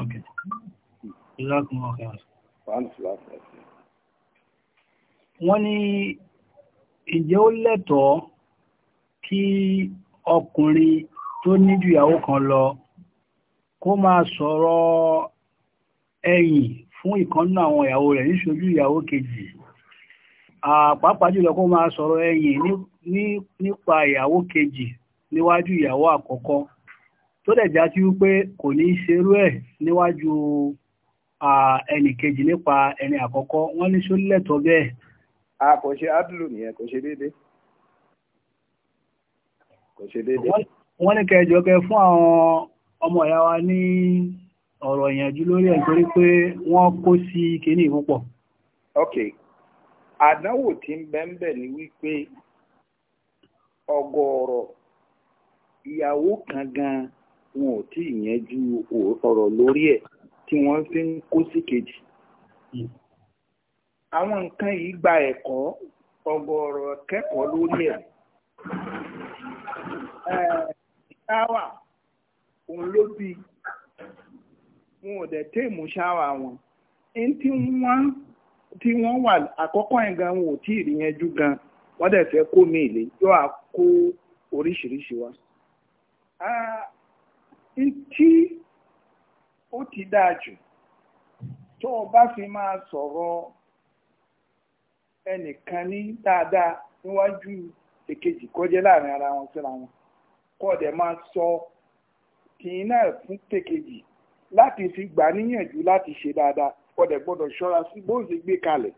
ok ìlàkùn ọ̀kẹ́ wọ́n ní ìjẹ́ ó lẹ́tọ̀ọ́ kí ọkùnrin tó ní ìyàwó kan lọ kó máa sọ̀rọ̀ ẹ̀yìn fún ìkànnà àwọn ìyàwó rẹ̀ níṣojú ìyàwó kejì pàápàá jùlọ kó máa sọ̀rọ̀ ẹ̀yìn nípa ìyàwó kejì níwájú ìyàwó àkọ́kọ́ tó dẹ̀ já sí wípé kò ní í ṣerú ẹ̀ níwájú ẹnì kejì nípa ẹni àkọ́kọ́ wọ́n ní sólẹ́tọ̀ bẹ́ẹ̀. a kò ṣe adúlù nìyẹn kò ṣe déédéé kò ṣe déédéé. wọ́n ní kẹjọ kẹ fún àwọn ọmọ ìyá wa ní. ọ̀rọ̀ ìyànjú lórí ẹ̀ torí pé wọ́n kó sí kíní púpọ̀. ok àdánwò tí ń bẹ ń bẹ̀ ni wípé ọ̀gọ̀ọ̀rọ̀ ìyàwó kan gan wọn ò tí ì yanjú ọ̀rọ̀ lórí ẹ̀ tí wọ́n fi ń kó sí kejì. Hmm. àwọn nǹkan yìí gba ẹ̀kọ́ ọ̀gọ̀ọ̀rọ̀ kẹ́kọ̀ọ́ lórí ẹ̀. ẹ̀ẹ́dáwà òun ló bíi wọn ò dẹ̀ tẹ́ ìmúṣáwá wọn ní tí wọ́n wà àkọ́kọ́ yẹn gan wọn ò tí ì rí yẹn jú gan wọ́n dẹ̀ fẹ́ kó mi ìlé yóò á kó oríṣiríṣi wá. tí ó ti dáa jù tó o bá fi máa sọ̀rọ̀ ẹnìkan ní dáadáa níwájú èkejì kọjá láàrin ara wọn síra wọn kọ́ ọ̀dẹ̀ máa sọ kìí náà fún tèkejì láti fi gbà níyànjú láti ṣe dáadáa ọ̀dẹ̀ gbọ́dọ̀ ṣọ́ra sí bó ṣe gbé kalẹ̀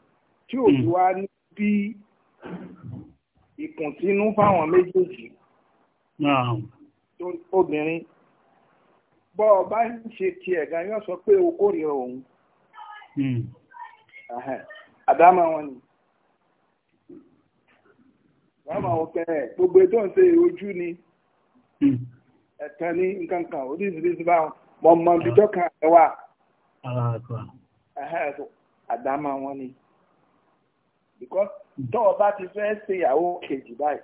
tí ò ti hmm. wá ní bí ìkùnsínú fáwọn méjèèjì obìnrin bọ́ ọ bá ń ṣe tiẹ̀ gan yóò sọ pé o kórìíra òun hmm. àdámà wọn ni wọ́n máa wọ pé gbogbo ètò ń ṣe ojú ni hmm. ẹ̀tàn ní nǹkan kan oríṣiríṣi báwọn mọ̀ mọ̀ bìjọ́ kan ẹ̀ wà. àdámà wọn ni because tọ́ ọ bá ti fẹ́ ṣe ìyàwó kejì báyìí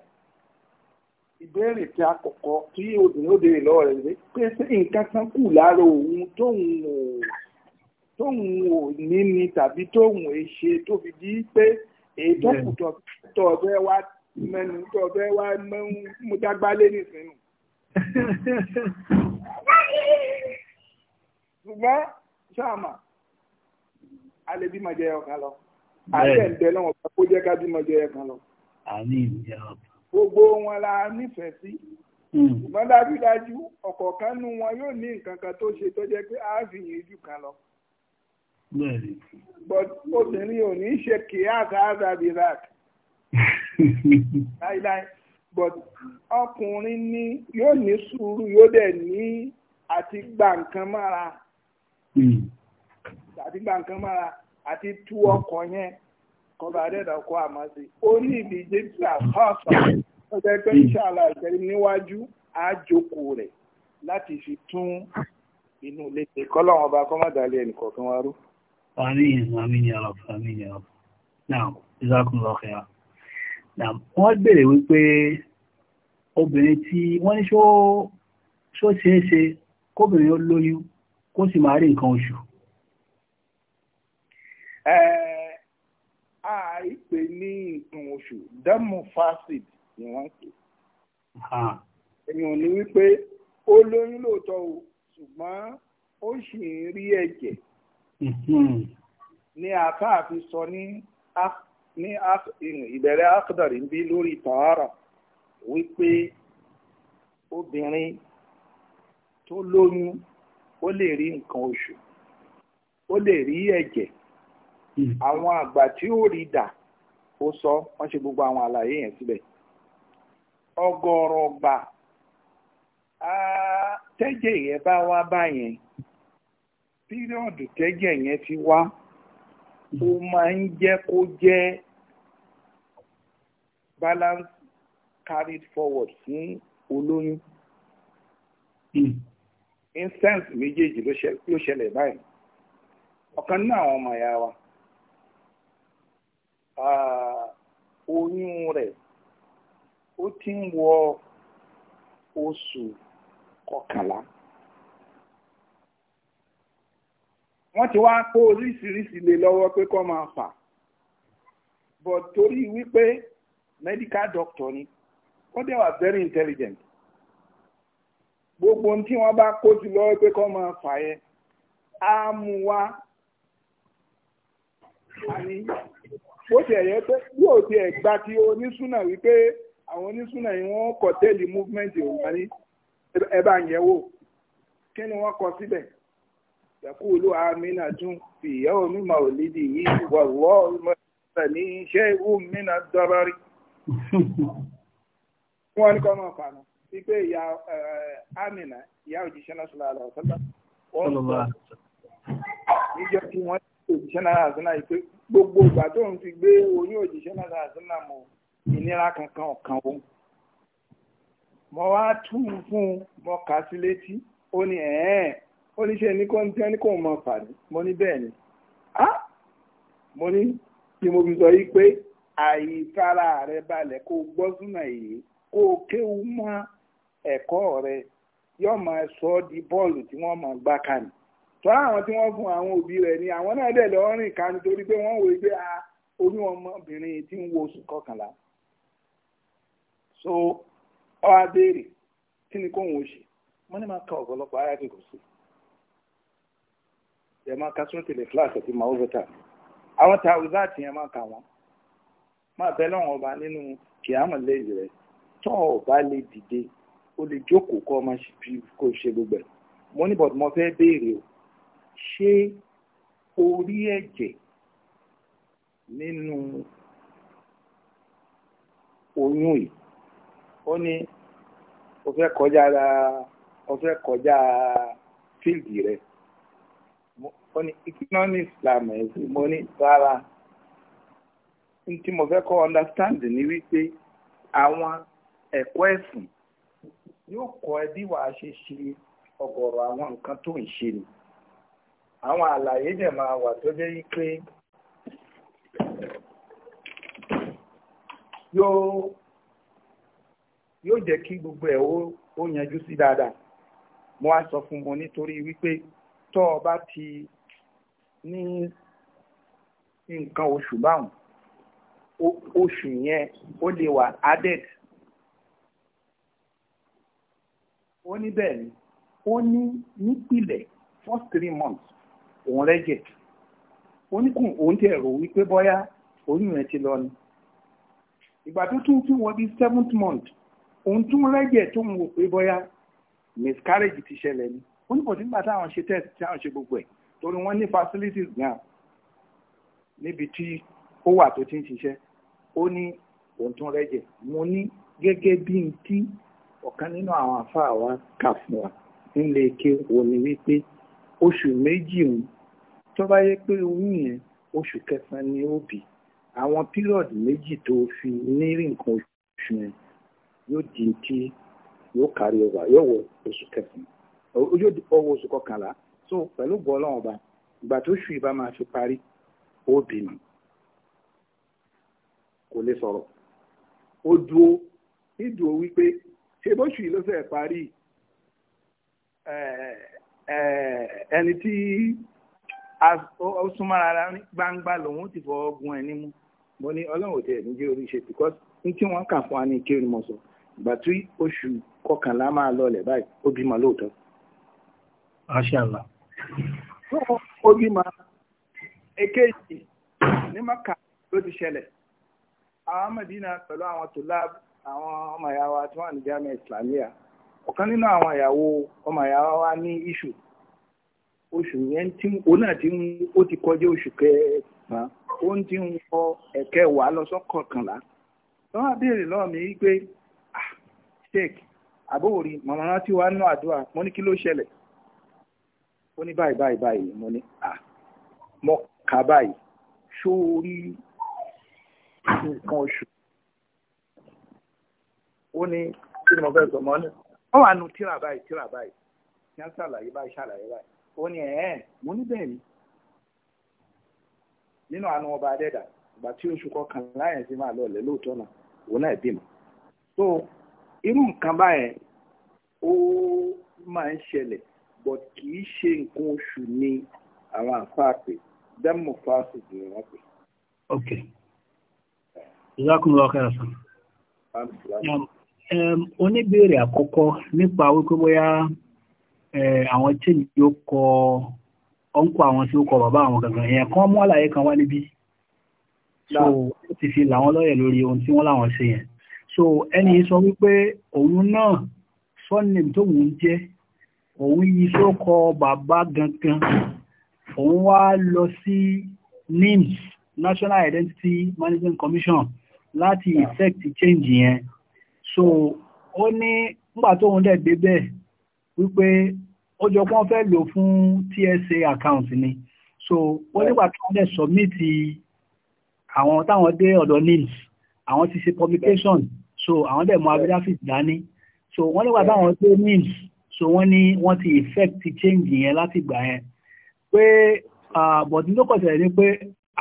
ìbéèrè tí a kọ́kọ́ tí obìnrin ó béèrè lọ́wọ́ rẹ̀ pé pé nǹkan kan kù lára òun tóun ò tóun ò ní ni tàbí tóun ò ṣe tó fi di pé ètò kùtọ̀ tó ọbẹ̀ wá mẹ́nu tó ọbẹ̀ wá mú dágbálé nìsín nù. ṣùgbọ́n ṣáàmà a lè bímọ ọ̀kan lọ àti ẹ̀ǹdẹ̀ náà ọ̀pá kó jẹ́ ká bímọ jẹ ọ̀kan lọ. gbogbo wọn la nífẹ̀ẹ́ sí hmm. ṣùgbọ́n dájúdájú ọ̀kọ̀ọ̀kan nu wọn yóò ní nǹkan kan tó ṣe tó a fi yìn kan lọ. obìnrin ò ní ṣe láíláí ọkùnrin ni yóò ní sùúrù yóò dẹ̀ gba nǹkan Hmm. àti gba nǹkan mára àti tú ọkọ̀ yẹn kọba adẹ́dàkọ́ àmọ́ sí ó ní ibi jésù àfáàfà ó jẹ́ pé ìṣàlà hmm. ìṣẹ́lẹ̀ níwájú àjòkó rẹ̀ láti fi tún inú ilé ṣe kọ́lọ́wọ́n ọba kọ́mọ́dàlẹ́ ẹnìkọ̀ọ̀kan wá rú. àmín àmín ya Rabb àmín ya Rabb náà jazakumullahu khairan náà wọ́n béèrè wípé obìnrin tí wọ́n ní ṣó ṣeé ṣe kóbìnrin ó lóyún kó sì máa rí nǹkan oṣù. àìpé ní nǹkan oṣù dẹ́mu fásit ni wọ́n pè. èèyàn ní wípé ó lóyún lóòótọ́ o ṣùgbọ́n ó sì ń rí ẹ̀jẹ̀. Mhm. ní àkáàfin sọ ní ní ìbẹ̀rẹ̀ akadari bí lórí tààrà wípé obìnrin tó lóyún ó lè rí nǹkan oṣù ó lè rí ẹ̀jẹ̀ hmm. àwọn àgbà tí ó rí dà ó sọ wọ́n ṣe gbogbo àwọn àlàyé yẹn síbẹ̀ ọgọ́rọ̀ gbà tẹ́jẹ̀ yẹn bá wá báyẹn píríọ̀dù tẹ́jẹ̀ yẹn fi wá ó máa ń jẹ́ kó jẹ́ balance carried forward fún olóyún. Hmm. instance méjèèjì ló ṣẹlẹ̀ báyìí ọ̀kan nínú àwọn ọmọ ya wa oyún rẹ̀ ó ti ń wọ oṣù kọkànlá wọ́n ti wá kó oríṣiríṣi lé lọ́wọ́ pé kọ́ máa fà but torí wípé medical doctor ni ó dẹ̀ wà very intelligent gbogbo tí wọ́n bá kó jù lọ́wọ́ pé kọ́ máa fà yẹ á mú wá àní bó ti ẹ̀yẹ pé yóò ti ẹ̀ gba ti onísùnà wípé àwọn onísùnà yìí wọ́n kọ̀ tẹ́lì múfúmẹ́ǹtì òǹkà ní ẹ bá yẹ̀ wò kí ni wọ́n kọ síbẹ̀ yaqulu amina tún fi yawmi mawlidi yìí wallahu ní iṣẹ́ ìwú mi náà dọ́rọ́rí. wọ́n ní kọ́ máa fà náà wípé ìyá eh, Amina ìyá òjíṣẹ́ náà sọ̀rọ̀ àlọ́ ọ̀sọ́lá wọ́n sọ níjọ́ kí wọ́n ti òjíṣẹ́ náà àṣánà yìí pé gbogbo ìgbà tó ń fi gbé oyún òjíṣẹ́ náà àṣánà mọ̀ ìnira kankan ọ̀kan òun mo wá tú fún un mo kà sí létí ó ní ẹ̀ẹ́n ó ní ṣe ní kó ń tẹ́ ní kó mọ pàdé mo ní bẹ́ẹ̀ ni mo ní tí mo fi sọ yìí pé àyíkára rẹ balẹ̀ kó gbọ́ súnà èyí kó kéwu mọ́ ẹ̀kọ́ ọrẹ yóò máa sọ ọ́ di bọ́ọ̀lù tí wọ́n máa gbá kanì tọ́lá àwọn tí wọ́n fún àwọn òbí rẹ ni àwọn náà dẹ̀ lọ rìn kan pé wọ́n wòye pé ah, orí ọmọbìnrin tí ń kọkànlá so ọ á béèrè kí ni ṣe wọ́n ní máa ka ọ̀pọ̀lọpọ̀ máa ka tí màá ọba nínú tó lè o lè jókòó kọ́ ọmọ kò ṣe gbogbo ẹ̀ mo ní bọ̀dù mo fẹ́ béèrè o ṣé orí ẹ̀jẹ̀ nínú oyún yìí ó ní o fẹ́ kọjá o fẹ́ kọjá fíìlì rẹ ó ní ìpínlẹ̀ Islam ẹ̀sìn mo ní rárá n tí mo fẹ́ kọ́ understand ni wípé àwọn ẹ̀kọ́ ẹ̀sìn yóò kọ ẹ bí ṣe ṣe ọgọrọ àwọn nǹkan tó ń ṣe ni àwọn àlàyé dẹ̀ máa wà tó jẹ́ pé yóò jẹ kí gbogbo ẹ ó yanjú sí dáadáa mo wá sọ fún mo nítorí wípé tó o bá ti ní nǹkan oṣù báwọn oṣù yẹn ó lè wà added ó ní bẹ́ẹ̀ ni ó ní nípìlẹ̀ first three months òun rẹ́jẹ̀ ó ní kùn òun tẹ̀ rò wípé bọ́yá oyún rẹ̀ ti lọ ni ìgbà tó tún tún wọ́n bí seventh month òun tún rẹ́jẹ̀ tó ń wò pé bọ́yá miscarriage ti ṣẹlẹ̀ ni ó ní kò sí nígbà táwọn ṣe test táwọn ṣe gbogbo ẹ̀ torí wọ́n ní facilities gan níbi tí ó wà tó ti ń ṣiṣẹ́ ó ní òun tún rẹ́jẹ̀ mo ní gẹ́gẹ́ bí n tí ọ̀kan nínú àwọn àfáà wa kà fún wa nílé ike wo ni wípé oṣù méjì òun tó bá yẹ pé oyún yẹn oṣù kẹsàn ni ó bì àwọn pírọ̀dù méjì tó fi nírì nǹkan oṣù yẹn yóò di ti yóò kárí ọba yóò wọ oṣù kẹsàn yóò wọ oṣù kọkànlá so pẹ̀lú gbọ́lọ́wọ́n ọba ìgbà tó ṣù ìbá máa fi parí ó bímọ kò lè sọ̀rọ̀ ó dúó nídùú wípé ṣe bóṣù yìí ló ṣe parí ẹni tí ó súnmọ́ra gbangba lòun ti fọwọ́ gun ẹni mú mo ní ọlọ́run òtí ẹ̀mí oríṣẹ́ because ní tí wọ́n kà fún wa ní kí ni mo sọ ìgbà tí oṣù kọkànlá máa lọlẹ̀ báyìí ó bímọ lóòótọ́. Máṣáàlá. ó bímọ èkejì ní maka ló ti ṣẹlẹ̀ àwọn Mẹ́dínà pẹ̀lú àwọn tó àwọn ọmọ ìyá wa tí wọ́n ní jamiu islamia ọ̀kan nínú àwọn ìyàwó ọmọ ìyá wa ní iṣu oṣù yẹn tí òun náà ti ń ó ti kọjá oṣù kẹsàn-án ó ń ti ń wọ ẹ̀kẹ́ wà lọ́sọ́ kọkànlá lọ́wọ́ àbẹ̀rẹ̀ lọ́wọ́ mi wípé sheik àbóòrí màmá rántí wa nínú àdúrà mo ní kí ló ṣẹlẹ̀ ó ní báyìí báyìí báyìí mo ní à mo kà báyìí ṣó nǹkan oṣù ó ní kí ni mo fẹ́ sọ mọ́ ní wọ́n wà nù tíra báyìí tíra báyìí ní wọ́n ṣàlàyé báyìí ṣàlàyé báyìí ó ní ẹ̀ẹ́ mo ní bẹ́ẹ̀ ni nínú àánú ọba adẹ́dà ìgbà tí oṣù kọkàn láyẹ̀ sí máa lọlẹ̀ lóòótọ́ náà òun náà bímọ so irú nǹkan báyẹn ó máa ń ṣẹlẹ̀ but kì í ṣe nǹkan oṣù ni àwọn àfáà pè dẹ́mọ̀ fásitì ni wọ́n pè. ok. ìzákùnrin ọkọ̀ ẹ̀sán oníbèrè àkọ́kọ́ nípa wípé bóyá àwọn tíìmù tí ó kọ ọ̀nkọ àwọn tí ó kọ bàbá àwọn gangan yẹn kán mú àlàyé kan wá níbí so ó ti fi làwọn lọ́yẹ̀ lórí ohun tí wọ́n láwọn ṣe yẹn so ẹni sọ wípé òun náà surname tóun jẹ́ òun yìí tó kọ bàbá gangan òun wá lọ sí NIMS National Identity Management Commission láti effect change yẹn so ó ní nígbà tóun dẹ̀ débẹ̀ wípé ó jọ pé wọ́n fẹ́ lò fún TSA account ni so ó nígbà tóun dẹ̀ submit àwọn táwọn dé ọ̀dọ̀ NIMS àwọn ti ṣe publication so àwọn dẹ̀ mú abidafit dání so wọ́n nígbà táwọn dé NIMS so wọ́n ní wọ́n ti effect change yẹn láti gbà yẹn pé bọ̀dún tó kọ̀sẹ̀ ni pé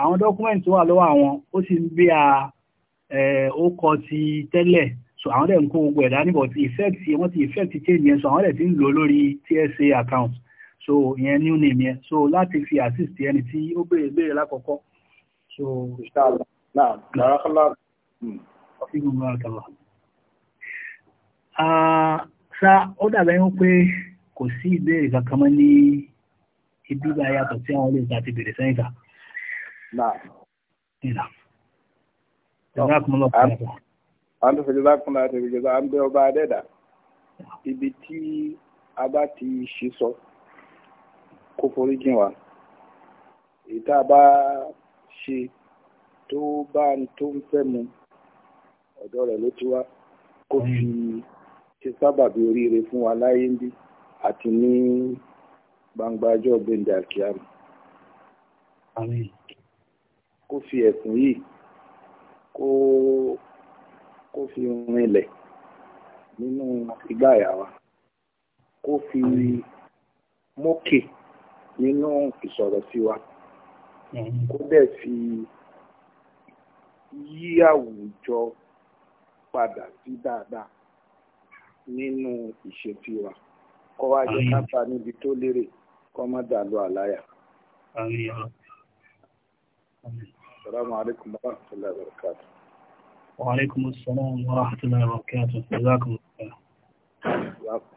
àwọn document tó wà lọ́wọ́ àwọn ó sì ń bí a ó kọ ti tẹ́lẹ̀ so àwọn dẹ̀ ń kó gbogbo ẹ̀dá níbọ̀ tí effect wọ́n ti effect change yẹn so àwọn dẹ̀ ti ń lò lórí tsa account so ìyẹn new name yẹn so láti fi assist ẹni tí ó béèrè béèrè lákọ̀ọ́kọ́ so. inshallah náà nàrákọ́lá. ọ̀fíì gbogbo àkàlà. sa ó dàbẹ̀ ń pé kò sí ìbéèrè kankan mọ́ ní ibi bá yàtọ̀ tí àwọn olóògbé àti bèrè sẹ́yìn kà. náà. ìlà. ìlà kúmọ́lọ́pọ̀ yàtọ̀ àwọn tó fẹ́ jọba kúnlá àti ìjọba à ń bẹ ọba adẹ́dà ibi tí a bá ti ṣe sọ kó forí jìn wá èyí tá a bá ṣe tó bá ń tó ń fẹ́ mu ọ̀dọ̀ rẹ̀ ló ti wá kó fi ṣe sábàbí oríire fún wa láyé ń bí àti ní gbangba ọjọ́ gbẹ̀ndẹ̀ àkíyàmù. kó fi ẹ̀sìn yìí kó kó fi rinlẹ̀ nínú ìgbáyà wa kó fi mókè nínú ìsọ̀rọ̀ sí wa kó dẹ̀ fi yí àwùjọ padà sí dáadáa nínú ìṣètì wa kọ́ wá jẹ́ kápá níbi tó lérè kọ́ má dàlú àláyà. Assalamu alaikum warahmatullahi wabarakatuh. وعليكم السلام ورحمة الله وبركاته جزاكم الله